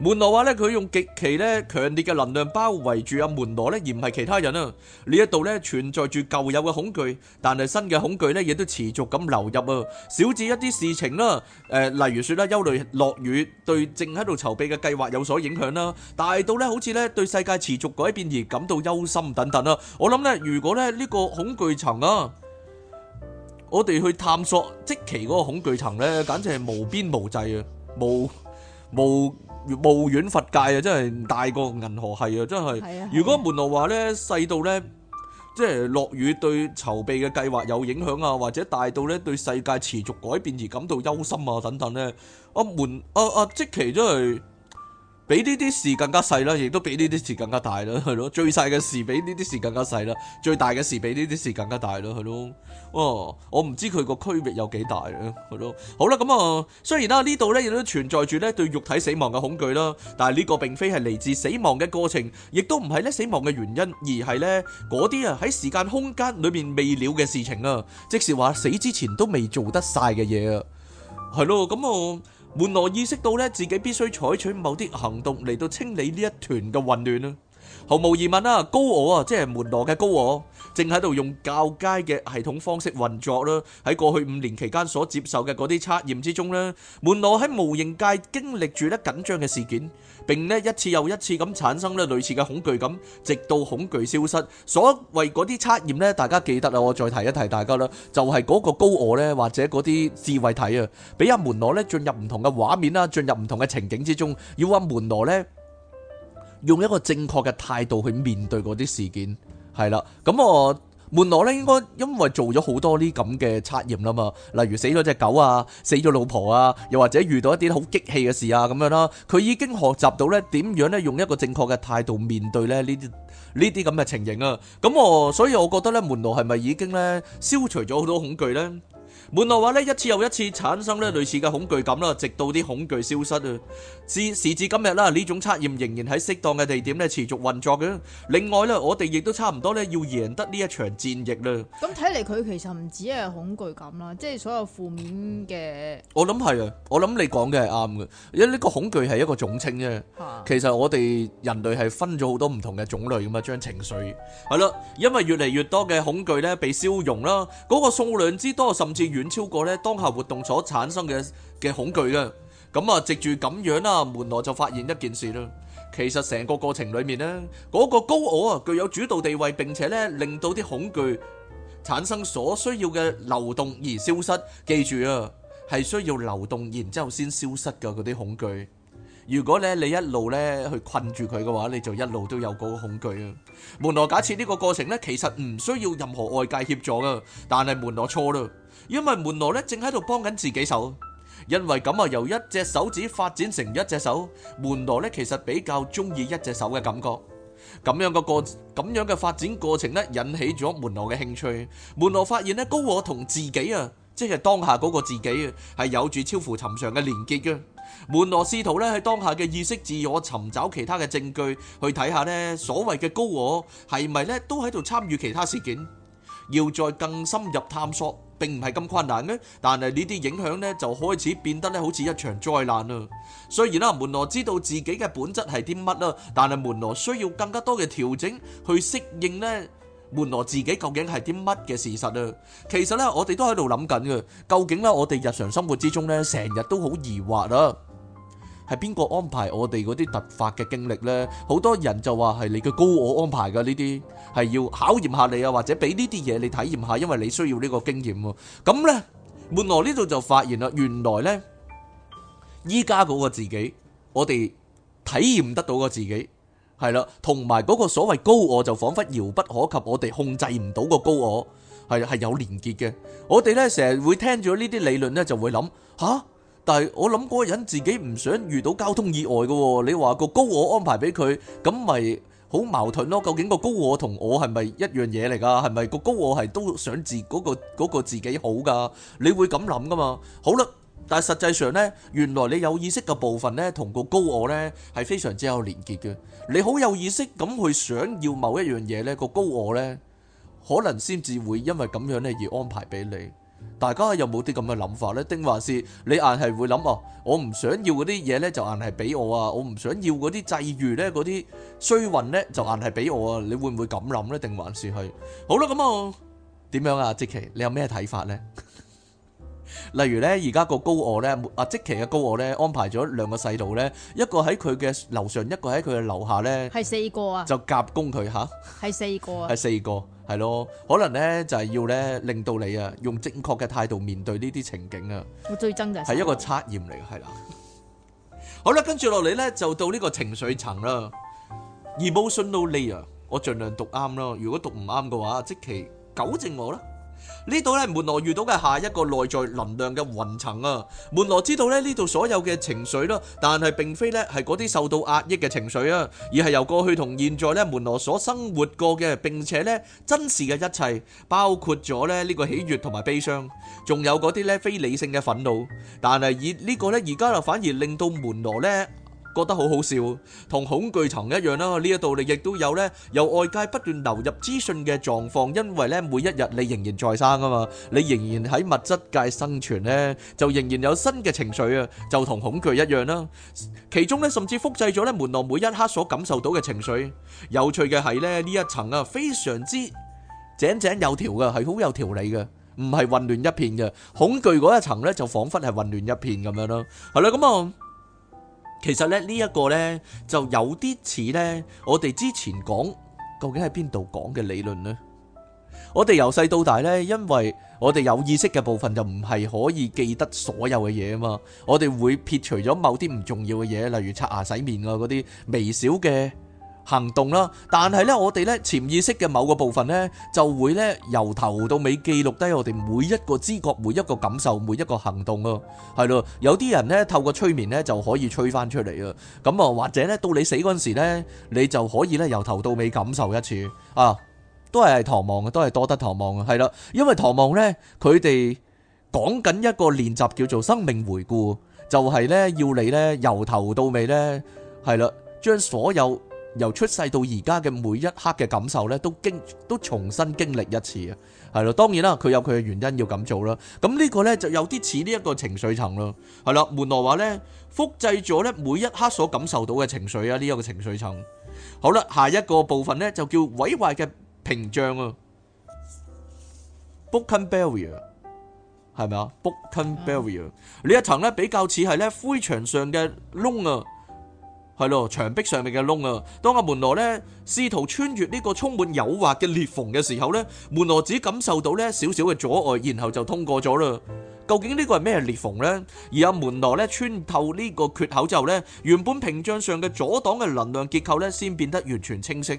Speaker 1: 門羅話咧，佢用極其咧強烈嘅能量包圍住阿門羅咧，而唔係其他人啊。呢一度咧存在住舊有嘅恐懼，但係新嘅恐懼咧亦都持續咁流入啊。小至一啲事情啦，誒，例如說啦憂慮落雨對正喺度籌備嘅計劃有所影響啦，大到咧好似咧對世界持續改變而感到憂心等等啦。我諗咧，如果咧呢個恐懼層啊，我哋去探索即期嗰個恐懼層咧，簡直係無邊無際啊，無無。無遠弗屆啊！真係大過銀河系啊！真係。如果門路話咧，細到咧，即係落雨對籌備嘅計劃有影響啊，或者大到咧對世界持續改變而感到憂心等等啊，等等咧，阿門阿阿即其真係。比呢啲事更加細啦，亦都比呢啲事更加大啦，係咯。最細嘅事比呢啲事更加細啦，最大嘅事比呢啲事更加大啦，係咯。哦，我唔知佢個區域有幾大啊，係咯。好啦，咁、嗯、啊，雖然啦，呢度咧亦都存在住咧對肉體死亡嘅恐懼啦，但係呢個並非係嚟自死亡嘅過程，亦都唔係咧死亡嘅原因，而係咧嗰啲啊喺時間空間裏面未了嘅事情啊，即是話死之前都未做得晒嘅嘢啊，係咯，咁、嗯、啊。嗯。門羅意識到咧，自己必須採取某啲行動嚟到清理呢一團嘅混亂啊！毫無疑問啊，高我啊，即係門羅嘅高我，正喺度用較佳嘅系統方式運作啦。喺過去五年期間所接受嘅嗰啲測驗之中咧，門羅喺無形界經歷住咧緊張嘅事件。並呢一次又一次咁產生呢類似嘅恐懼感，直到恐懼消失。所謂嗰啲測驗呢，大家記得啦，我再提一提大家啦，就係嗰個高我呢，或者嗰啲智慧體啊，俾阿門羅呢進入唔同嘅畫面啦，進入唔同嘅情景之中，要阿門羅呢用一個正確嘅態度去面對嗰啲事件，係啦，咁我。門羅咧，應該因為做咗好多呢咁嘅測驗啦嘛，例如死咗隻狗啊，死咗老婆啊，又或者遇到一啲好激氣嘅事啊咁樣啦，佢已經學習到咧點樣咧用一個正確嘅態度面對咧呢啲呢啲咁嘅情形啊，咁、嗯、我所以我覺得咧門羅係咪已經咧消除咗好多恐懼咧？門內話咧，一次又一次產生咧類似嘅恐懼感啦，直到啲恐懼消失啊！至時至今日啦，呢種測驗仍然喺適當嘅地點咧持續運作嘅。另外咧，我哋亦都差唔多咧要贏得呢一場戰役啦。
Speaker 2: 咁睇嚟，佢其實唔止係恐懼感啦，即係所有負面嘅。
Speaker 1: 我諗係啊，我諗你講嘅係啱嘅，因為呢個恐懼係一個總稱啫。其實我哋人類係分咗好多唔同嘅種類咁啊，將情緒係啦，因為越嚟越多嘅恐懼咧被消融啦，嗰個數量之多，甚至越遠超過咧當下活動所產生嘅嘅恐懼啊，咁啊，藉住咁樣啦，門羅就發現一件事啦。其實成個過程裏面咧，嗰個高我啊，具有主導地位，並且咧令到啲恐懼產生所需要嘅流動而消失。記住啊，係需要流動，然之後先消失噶，嗰啲恐懼。如果咧你一路咧去困住佢嘅話，你就一路都有嗰個恐懼啊。門羅假設呢個過程咧，其實唔需要任何外界協助噶，但係門羅錯啦。因為門羅咧正喺度幫緊自己手，因為咁啊，由一隻手指發展成一隻手，門羅咧其實比較中意一隻手嘅感覺，咁樣嘅過咁樣嘅發展過程咧引起咗門羅嘅興趣。門羅發現咧高我同自己啊，即係當下嗰個自己啊，係有住超乎尋常嘅連結嘅。門羅試圖咧喺當下嘅意識自我尋找其他嘅證據，去睇下咧所謂嘅高我係咪咧都喺度參與其他事件，要再更深入探索。並唔係咁困難呢，但係呢啲影響呢，就開始變得咧好似一場災難啦。雖然啦，門羅知道自己嘅本質係啲乜啦，但係門羅需要更加多嘅調整去適應呢，門羅自己究竟係啲乜嘅事實啊。其實呢，我哋都喺度諗緊嘅，究竟呢，我哋日常生活之中呢，成日都好疑惑啊。係邊個安排我哋嗰啲突發嘅經歷呢？好多人就話係你嘅高我安排嘅呢啲，係要考驗下你啊，或者俾呢啲嘢你體驗下，因為你需要呢個經驗啊。咁呢，門羅呢度就發現啦，原來呢，依家嗰個自己，我哋體驗得到個自己，係啦，同埋嗰個所謂高我就仿佛遙不可及，我哋控制唔到個高我，係係有連結嘅。我哋呢，成日會聽住呢啲理論呢，就會諗吓。啊但係我諗嗰個人自己唔想遇到交通意外嘅喎，你話個高我安排俾佢，咁咪好矛盾咯？究竟個高我同我係咪一樣嘢嚟㗎？係咪個高我係都想自嗰個嗰個自己好㗎？你會咁諗㗎嘛？好啦，但係實際上咧，原來你有意識嘅部分咧，同個高我咧係非常之有連結嘅。你好有意識咁去想要某一樣嘢咧，個高我咧可能先至會因為咁樣咧而安排俾你。大家有冇啲咁嘅諗法咧？定還是你硬係會諗哦？我唔想要嗰啲嘢咧，就硬係俾我啊！我唔想要嗰啲際遇咧，嗰啲衰運咧，就硬係俾我啊！你會唔會咁諗咧？定還是去？好啦，咁啊，點樣啊？即其，你有咩睇法咧？例如咧，而家個高我咧，啊，即其嘅高我咧，安排咗兩個細路咧，一個喺佢嘅樓上，一個喺佢嘅樓下咧，係
Speaker 2: 四個啊，就
Speaker 1: 夾攻佢吓，係四個啊，係四個。係咯，可能咧就係要咧令到你啊，用正確嘅態度面對呢啲情景啊。
Speaker 2: 我最憎就係一個
Speaker 1: 測驗嚟，係啦。 好啦，跟住落嚟咧就到呢個情緒層啦，emotional layer，我盡量讀啱啦。如果讀唔啱嘅話，即期糾正我啦。呢度咧，門羅遇到嘅下一個內在能量嘅雲層啊，門羅知道咧呢度所有嘅情緒啦，但係並非咧係嗰啲受到壓抑嘅情緒啊，而係由過去同現在咧門羅所生活過嘅，並且咧真實嘅一切，包括咗咧呢個喜悅同埋悲傷，仲有嗰啲咧非理性嘅憤怒，但係而呢個咧而家就反而令到門羅咧。覺得好好笑，同恐懼層一樣啦。呢一度你亦都有咧，由外界不斷流入資訊嘅狀況，因為咧每一日你仍然在生啊嘛，你仍然喺物質界生存咧，就仍然有新嘅情緒啊，就同恐懼一樣啦。其中咧甚至複製咗咧，門羅每一刻所感受到嘅情緒。有趣嘅係咧，呢一層啊非常之井井有條嘅，係好有條理嘅，唔係混亂一片嘅。恐懼嗰一層咧就仿佛係混亂一片咁樣咯。係啦，咁啊。其實咧，呢一個呢，就有啲似呢。我哋之前講究竟係邊度講嘅理論呢？我哋由細到大呢，因為我哋有意識嘅部分就唔係可以記得所有嘅嘢啊嘛，我哋會撇除咗某啲唔重要嘅嘢，例如刷牙、洗面啊嗰啲微小嘅行動啦，但係咧，我哋咧潛意識嘅某個部分咧，就會咧由頭到尾記錄低我哋每一個知覺、每一個感受、每一個行動咯，係咯。有啲人咧透過催眠咧就可以催返出嚟啊。咁啊，或者咧到你死嗰陣時咧，你就可以咧由頭到尾感受一次啊，都係唐望啊，都係多得唐望啊，係啦，因為唐望咧佢哋講緊一個練習叫做生命回顧，就係咧要你咧由頭到尾咧係啦，將所有。由出世到而家嘅每一刻嘅感受咧，都經都重新經歷一次啊，係咯。當然啦，佢有佢嘅原因要咁做啦。咁呢個咧就有啲似呢一個情緒層咯，係啦。門羅話咧，複製咗咧每一刻所感受到嘅情緒啊，呢、這、一個情緒層。好啦，下一個部分咧就叫毀壞嘅屏障啊 broken barrier 係咪啊 broken barrier 呢 一層咧比較似係咧灰牆上嘅窿啊。係咯，牆壁上面嘅窿啊！當阿門羅咧試圖穿越呢個充滿誘惑嘅裂縫嘅時候咧，門羅只感受到咧少少嘅阻礙，然後就通過咗啦。究竟呢個係咩裂縫呢？而阿門羅咧穿透呢個缺口之後咧，原本屏障上嘅阻擋嘅能量結構咧，先變得完全清晰。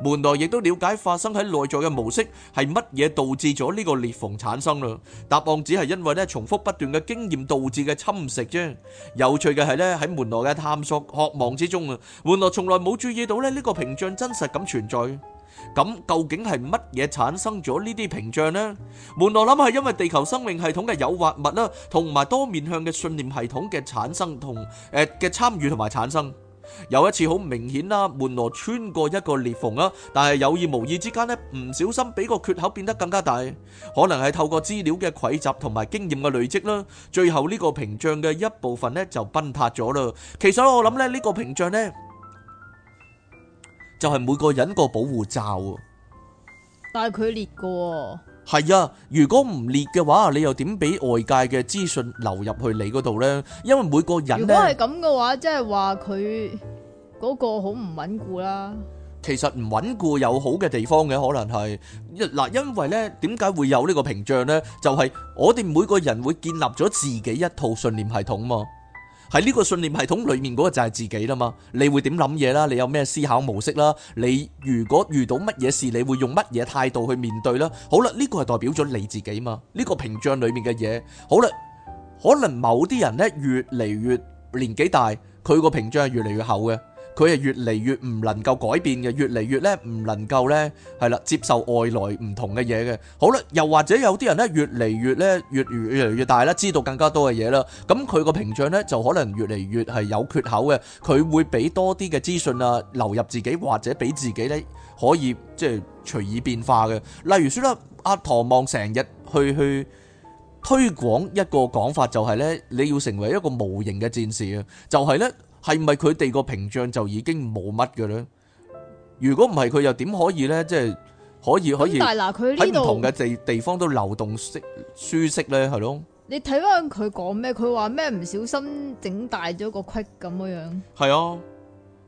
Speaker 1: 門羅亦都了解發生喺內在嘅模式係乜嘢導致咗呢個裂縫產生啦？答案只係因為咧重複不斷嘅經驗導致嘅侵蝕啫。有趣嘅係咧，喺門羅嘅探索渴望之中啊，門羅從來冇注意到咧呢個屏障真實咁存在。咁究竟係乜嘢產生咗呢啲屏障呢？門羅諗係因為地球生命系統嘅誘惑物啦，同埋多面向嘅信念系統嘅產生同誒嘅參與同埋產生。有一次好明顯啦，門羅穿過一個裂縫啊，但係有意無意之間呢，唔小心俾個缺口變得更加大，可能係透過資料嘅匯集同埋經驗嘅累積啦，最後呢個屏障嘅一部分呢，就崩塌咗啦。其實我諗呢，呢個屏障呢，就係每個人個保護罩，
Speaker 2: 但係佢裂過。
Speaker 1: 係啊，如果唔裂嘅話，你又點俾外界嘅資訊流入去你嗰度呢？因為每個人如果係
Speaker 2: 咁嘅話，即係話佢嗰個好唔穩固啦。
Speaker 1: 其實唔穩固有好嘅地方嘅，可能係嗱，因為呢，點解會有呢個屏障呢？就係我哋每個人會建立咗自己一套信念系統嘛。喺呢個信念系統裏面嗰個就係自己啦嘛，你會點諗嘢啦？你有咩思考模式啦？你如果遇到乜嘢事，你會用乜嘢態度去面對啦？好啦，呢個係代表咗你自己嘛？呢個屏障裏面嘅嘢，好啦，可能某啲人呢，越嚟越年紀大，佢個屏障係越嚟越厚嘅。佢係越嚟越唔能夠改變嘅，越嚟越咧唔能夠咧，係啦，接受外來唔同嘅嘢嘅。好啦，又或者有啲人咧，越嚟越咧越越嚟越大啦，知道更加多嘅嘢啦。咁佢個屏障咧就可能越嚟越係有缺口嘅。佢會俾多啲嘅資訊啊流入自己，或者俾自己咧可以即係隨意變化嘅。例如說啦，阿唐望成日去去推廣一個講法，就係咧你要成為一個無形嘅戰士啊，就係咧。係咪佢哋個屏障就已經冇乜嘅咧？如果唔係佢又點可以咧？即係可以可以喺唔同嘅地地方都流動適舒適咧，係咯？
Speaker 2: 你睇翻佢講咩？佢話咩唔小心整大咗個窟咁樣？
Speaker 1: 係啊，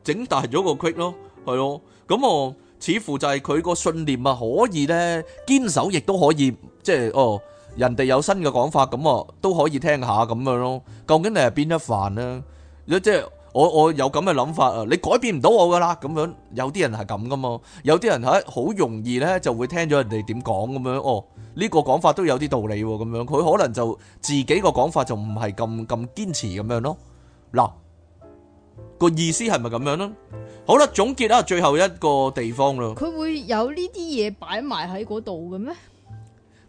Speaker 1: 整大咗個窟咯，係咯。咁我似乎就係佢個信念啊，可以咧堅守，亦都可以即係哦。人哋有新嘅講法，咁啊都可以聽下咁樣咯。究竟你係邊一份咧？即係。我我有咁嘅諗法啊！你改變唔到我噶啦，咁樣有啲人係咁噶嘛，有啲人係好容易咧就會聽咗人哋點講咁樣哦。呢個講法都有啲道理咁樣，佢可能就自己個講法就唔係咁咁堅持咁樣咯。嗱個意思係咪咁樣咯？好啦，總結啦，最後一個地方啦。
Speaker 2: 佢會有呢啲嘢擺埋喺嗰度嘅咩？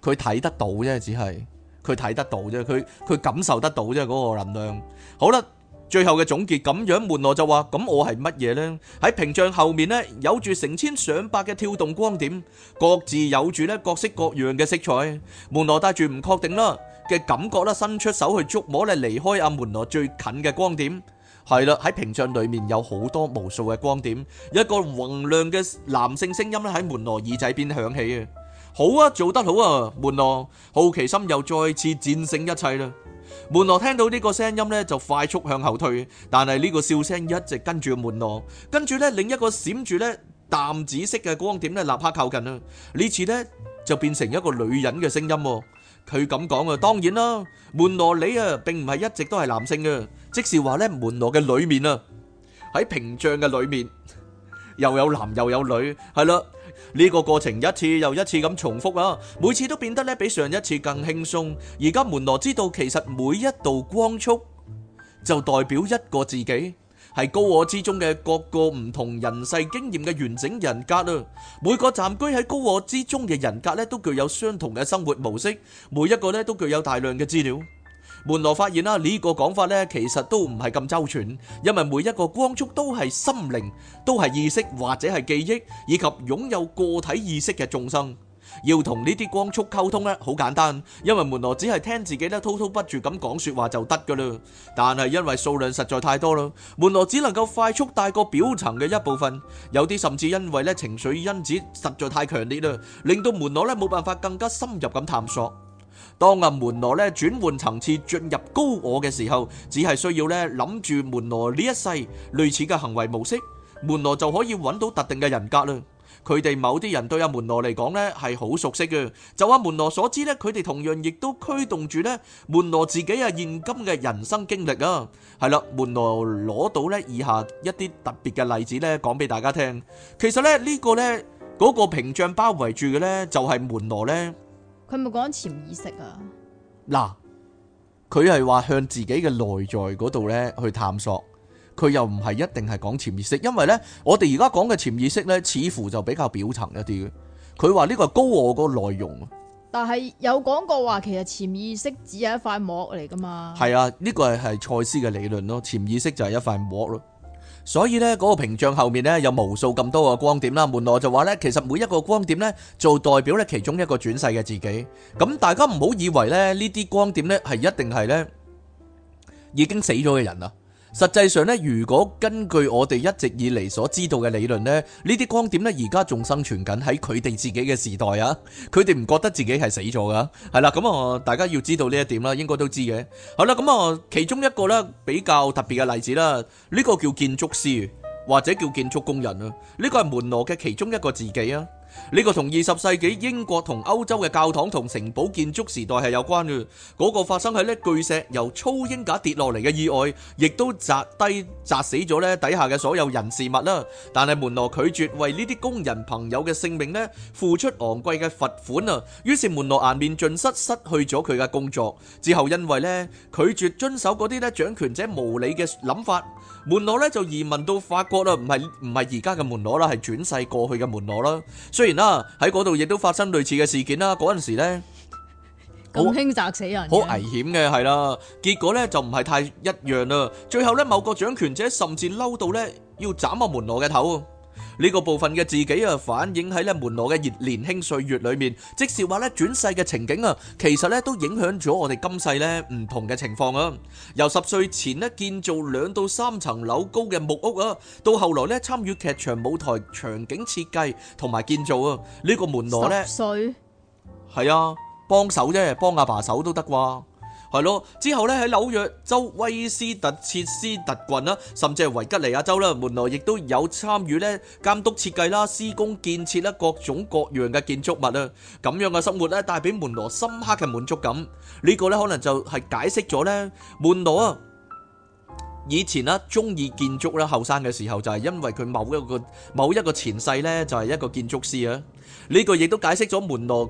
Speaker 1: 佢睇得到啫，只係佢睇得到啫，佢佢感受得到啫，嗰個能量。好啦。最後嘅總結，咁樣門羅就話：咁我係乜嘢呢？喺屏障後面呢，有住成千上百嘅跳動光點，各自有住呢各式各樣嘅色彩。門羅帶住唔確定啦嘅感覺啦，伸出手去觸摸咧離開阿門羅最近嘅光點。係啦，喺屏障裏面有好多無數嘅光點。一個宏亮嘅男性聲音咧喺門羅耳仔邊響起啊！好啊，做得好啊，門羅，好奇心又再次戰勝一切啦。門羅聽到呢個聲音咧，就快速向後退。但係呢個笑聲一直跟住門羅，跟住咧另一個閃住咧淡紫色嘅光點咧，立刻靠近啦。呢次咧就變成一個女人嘅聲音。佢咁講啊，當然啦，門羅你啊，並唔係一直都係男性啊。即是話咧門羅嘅裏面啊，喺屏障嘅裏面又有男又有女，係啦。呢個過程一次又一次咁重複啊，每次都變得咧比上一次更輕鬆。而家門羅知道，其實每一道光束就代表一個自己，係高我之中嘅各個唔同人世經驗嘅完整人格啊。每個暫居喺高我之中嘅人格咧，都具有相同嘅生活模式，每一個咧都具有大量嘅資料。門羅發現啦，呢個講法咧，其實都唔係咁周全，因為每一個光束都係心靈，都係意識或者係記憶，以及擁有個體意識嘅眾生，要同呢啲光束溝通咧，好簡單，因為門羅只係聽自己咧滔滔不絕咁講說話就得噶啦。但係因為數量實在太多咯，門羅只能夠快速帶過表層嘅一部分，有啲甚至因為咧情緒因子實在太強烈啦，令到門羅咧冇辦法更加深入咁探索。當阿門羅咧轉換層次進入高我嘅時候，只係需要咧諗住門羅呢一世類似嘅行為模式，門羅就可以揾到特定嘅人格啦。佢哋某啲人對阿門羅嚟講咧係好熟悉嘅。就阿門羅所知咧，佢哋同樣亦都驅動住咧門羅自己啊現今嘅人生經歷啊。係啦，門羅攞到咧以下一啲特別嘅例子咧，講俾大家聽。其實咧呢個咧嗰個屏障包圍住嘅咧就係門羅咧。
Speaker 2: 佢咪講潛意識
Speaker 1: 啊？嗱，佢係話向自己嘅內在嗰度咧去探索，佢又唔係一定係講潛意識，因為咧我哋而家講嘅潛意識咧，似乎就比較表層一啲嘅。佢話呢個係高我個內容，
Speaker 2: 但係有講過話，其實潛意識只係一塊膜嚟噶嘛。係
Speaker 1: 啊，呢個係係賽斯嘅理論咯，潛意識就係一塊膜咯。所以呢，嗰個屏障後面呢，有無數咁多個光點啦。門羅就話呢，其實每一個光點呢，就代表咧其中一個轉世嘅自己。咁大家唔好以為呢，呢啲光點呢，係一定係呢已經死咗嘅人啊。實際上咧，如果根據我哋一直以嚟所知道嘅理論咧，呢啲光點咧而家仲生存緊喺佢哋自己嘅時代啊！佢哋唔覺得自己係死咗噶，係、嗯、啦，咁啊大家要知道呢一點啦，應該都知嘅。好、嗯、啦，咁、嗯、啊其中一個咧比較特別嘅例子啦，呢、這個叫建築師或者叫建築工人啊，呢、這個係門羅嘅其中一個自己啊。呢個同二十世紀英國同歐洲嘅教堂同城堡建築時代係有關嘅，嗰個發生喺呢巨石由粗鷹架跌落嚟嘅意外，亦都砸低砸死咗呢底下嘅所有人事物啦。但係門羅拒絕為呢啲工人朋友嘅性命呢付出昂貴嘅罰款啊，於是門羅顏面盡失，失去咗佢嘅工作。之後因為呢拒絕遵守嗰啲呢掌權者無理嘅諗法，門羅呢就移民到法國啦，唔係唔係而家嘅門羅啦，係轉世過去嘅門羅啦。雖然啦，喺嗰度亦都發生類似嘅事件啦。嗰陣時咧，好
Speaker 2: 興砸死人，好危
Speaker 1: 險嘅係啦。結果咧就唔係太一樣啦。最後咧，某個掌權者甚至嬲到咧要斬我門羅嘅頭。呢個部分嘅自己啊，反映喺咧門羅嘅年年輕歲月裏面，即是話咧轉世嘅情景啊，其實咧都影響咗我哋今世咧唔同嘅情況啊。由十歲前咧建造兩到三層樓高嘅木屋啊，到後來咧參與劇場舞台場景設計同埋建造啊。呢個門羅咧，十歲係啊，幫手啫，幫阿爸手都得啩。係咯，之後咧喺紐約州威斯特切斯特郡啦，甚至係維吉尼亞州啦，門羅亦都有參與咧監督設計啦、施工建設啦，各種各樣嘅建築物啦，咁樣嘅生活咧帶俾門羅深刻嘅滿足感。呢個咧可能就係解釋咗咧門羅啊以前啦中意建築啦，後生嘅時候就係因為佢某一個某一個前世咧就係一個建築師啊。呢個亦都解釋咗門羅。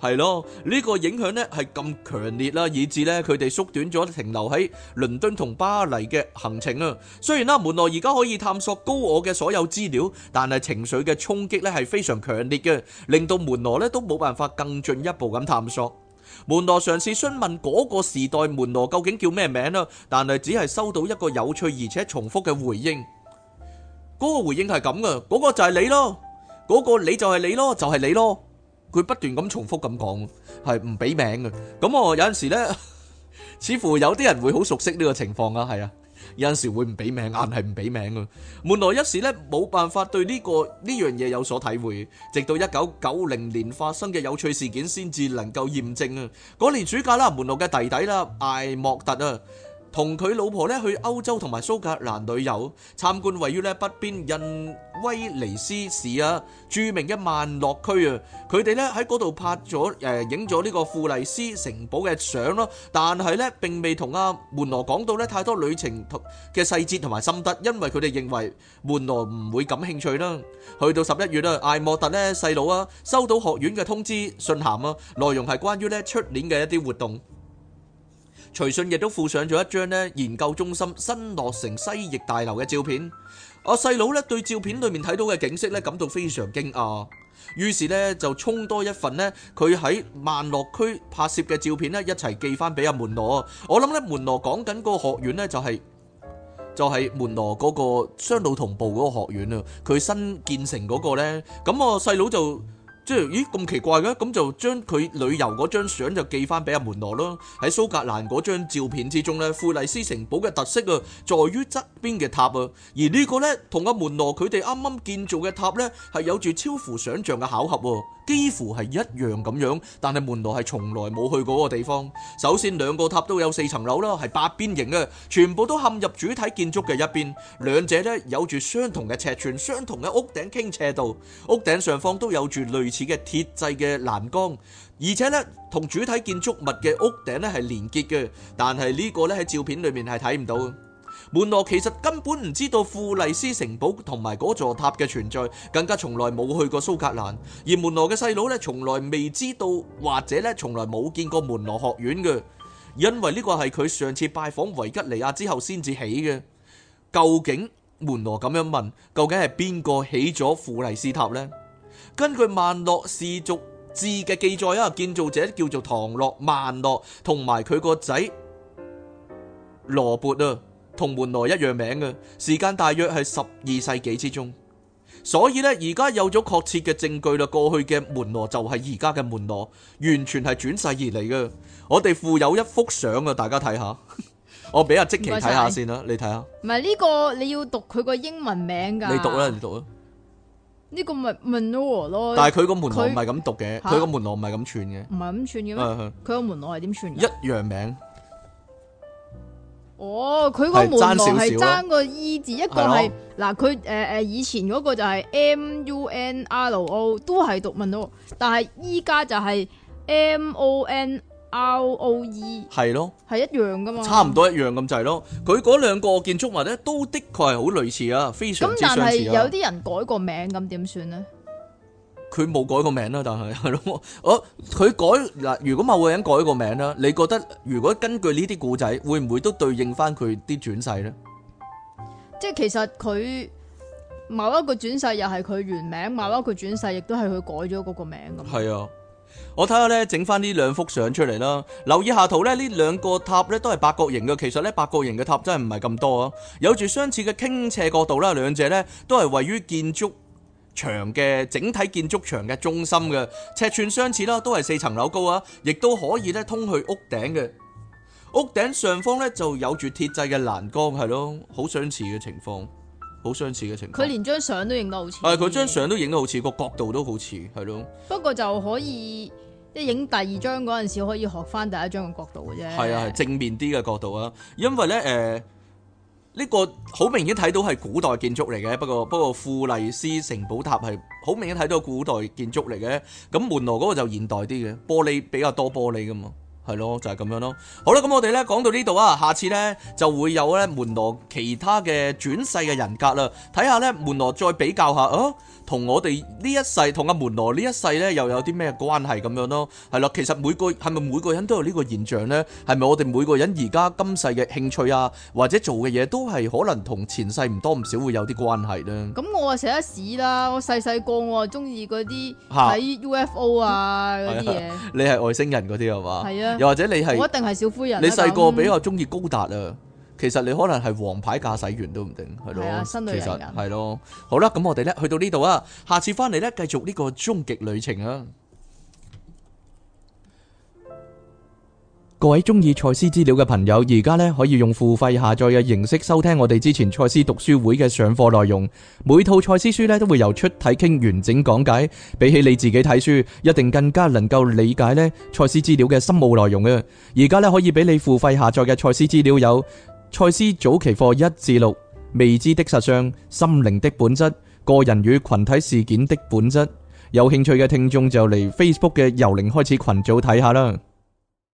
Speaker 1: 係咯，呢個影響呢係咁強烈啦，以致呢，佢哋縮短咗停留喺倫敦同巴黎嘅行程啊。雖然啦，門羅而家可以探索高我嘅所有資料，但係情緒嘅衝擊呢係非常強烈嘅，令到門羅呢都冇辦法更進一步咁探索。門羅嘗試詢問嗰個時代門羅究竟叫咩名啊，但係只係收到一個有趣而且重複嘅回應。嗰個回應係咁噶，嗰個就係你咯，嗰個你就係你咯，就係你咯。佢不斷咁重複咁講，係唔俾名嘅。咁、嗯、我有陣時呢， 似乎有啲人會好熟悉呢個情況啊，係啊，有陣時會唔俾名，硬係唔俾名啊。門羅一時呢，冇辦法對呢、呢個呢樣嘢有所體會，直到一九九零年發生嘅有趣事件先至能夠驗證啊。嗰年暑假啦，門羅嘅弟弟啦，艾莫特啊。同佢老婆咧去歐洲同埋蘇格蘭旅遊參觀，位於咧北邊印威尼斯市啊著名嘅萬樂區啊，佢哋咧喺嗰度拍咗誒影咗呢個富麗斯城堡嘅相咯。但係咧並未同阿門羅講到咧太多旅程嘅細節同埋心得，因為佢哋認為門羅唔會感興趣啦。去到十一月啦，艾莫特咧細佬啊收到學院嘅通知信函啊，內容係關於咧出年嘅一啲活動。隨信亦都附上咗一張咧研究中心新落成西翼大樓嘅照片，我細佬咧對照片裏面睇到嘅景色咧感到非常驚訝，於是呢就沖多一份咧佢喺萬樂區拍攝嘅照片咧一齊寄翻俾阿門羅，我諗咧門羅講緊個學院呢、就是，就係就係門羅嗰個雙腦同步嗰個學院啊，佢新建成嗰、嗰個呢，咁我細佬就。即咦咁奇怪嘅，咁就將佢旅遊嗰張相就寄翻俾阿門羅咯。喺蘇格蘭嗰張照片之中咧，富麗斯城堡嘅特色啊，在於側邊嘅塔啊，而呢個咧同阿門羅佢哋啱啱建造嘅塔咧，係有住超乎想象嘅巧合喎。幾乎係一樣咁樣，但係門內係從來冇去過個地方。首先兩個塔都有四層樓啦，係八邊形嘅，全部都嵌入主體建築嘅一邊。兩者呢有住相同嘅尺寸、相同嘅屋頂傾斜度，屋頂上方都有住類似嘅鐵製嘅欄杆，而且呢同主體建築物嘅屋頂呢係連結嘅，但係呢個呢喺照片裏面係睇唔到。門羅其實根本唔知道富麗斯城堡同埋嗰座塔嘅存在，更加從來冇去過蘇格蘭。而門羅嘅細佬呢，從來未知道或者呢，從來冇見過門羅學院嘅，因為呢個係佢上次拜訪維吉尼亞之後先至起嘅。究竟門羅咁樣問，究竟係邊個起咗富麗斯塔呢？根據曼諾氏族誌嘅記載啊，建造者叫做唐諾曼諾同埋佢個仔羅勃啊。同門羅一樣名嘅，時間大約係十二世紀之中，所以咧而家有咗確切嘅證據啦。過去嘅門羅就係而家嘅門羅，完全係轉世而嚟嘅。我哋附有一幅相嘅，大家睇下。 我俾阿積奇睇下先啦，是是你睇看下。
Speaker 2: 唔係呢個，你要讀佢個英文名噶。你讀啦，你讀啦。呢個咪門羅咯。但係佢個門羅唔係咁讀嘅，佢個
Speaker 1: 門羅唔係咁串嘅，唔係咁串嘅咩？
Speaker 2: 佢個門羅係點
Speaker 1: 串嘅？一樣名。
Speaker 2: 哦，佢個門廊係爭個 E 字，的一個係嗱佢誒誒以前嗰個就係 M U N R O，都係讀文咯，但係依家就係 M O N R O E，係咯的，係一樣噶嘛，差唔多
Speaker 1: 一樣咁滯咯。佢嗰兩個建築物咧，都的確係好類似啊，非常之相似。咁但係有啲
Speaker 2: 人改個名咁點算咧？
Speaker 1: 佢冇改個名啦，但係係咯，我 佢改嗱。如果某個人改個名啦，你覺得如果根據呢啲故仔，會唔會都對應翻佢啲轉世呢？
Speaker 2: 即係其實佢某一個轉世又係佢原名，某一個轉世亦都係佢改咗嗰個名咁。
Speaker 1: 係啊，我睇下咧，整翻呢兩幅相出嚟啦。留意下圖咧，呢兩個塔咧都係八角形嘅。其實咧，八角形嘅塔真係唔係咁多啊。有住相似嘅傾斜角度啦，兩者咧都係位於建築。長嘅整體建築牆嘅中心嘅，尺寸相似啦，都係四層樓高啊，亦都可以咧通去屋頂嘅。屋頂上方咧就有住鐵製嘅欄杆，係咯，好相似嘅情況，好相似嘅情況。
Speaker 2: 佢連張相都影得好似。係佢
Speaker 1: 張相都影得好似，個角度都好似係咯。
Speaker 2: 不過就可以即係影第二張嗰陣時可以學翻第一張嘅角度嘅啫。係啊，係
Speaker 1: 正面啲嘅角度啊，因為咧誒。呃呢個好明顯睇到係古代建築嚟嘅，不過不過富麗斯城堡塔係好明顯睇到古代建築嚟嘅，咁門羅嗰個就現代啲嘅，玻璃比較多玻璃㗎嘛，係咯，就係咁樣咯。好啦，咁我哋咧講到呢度啊，下次咧就會有咧門羅其他嘅轉世嘅人格啦，睇下咧門羅再比較下啊。同我哋呢一世，同阿門羅呢一世咧，又有啲咩關係咁樣咯？係咯，其實每個係咪每個人都有呢個現象咧？係咪我哋每個人而家今世嘅興趣啊，或者做嘅嘢都係可能同前世唔多唔少會有啲關係咧？
Speaker 2: 咁我就寫一屎啦！我細細個我啊中意嗰啲喺 UFO 啊嗰啲嘢。
Speaker 1: 你係外星人嗰啲係嘛？係啊。 又或者你係我一定
Speaker 2: 係小灰人。你細個比較
Speaker 1: 中意高達啊。其實你可能係王牌駕駛員都唔定，係咯，其實係咯。好啦，咁我哋咧去到呢度啊，下次翻嚟咧繼續呢個終極旅程啊！各位中意賽斯資料嘅朋友，而家咧可以用付費下載嘅形式收聽我哋之前賽斯讀書會嘅上課內容。每套賽斯書咧都會由出體傾完整講解，比起你自己睇書，一定更加能夠理解咧賽斯資料嘅深奧內容嘅。而家咧可以俾你付費下載嘅賽斯資料有。蔡司早期課一至六，未知的實相、心靈的本質、個人與群體事件的本質。有興趣嘅聽眾就嚟 Facebook 嘅由零開始群組睇下啦。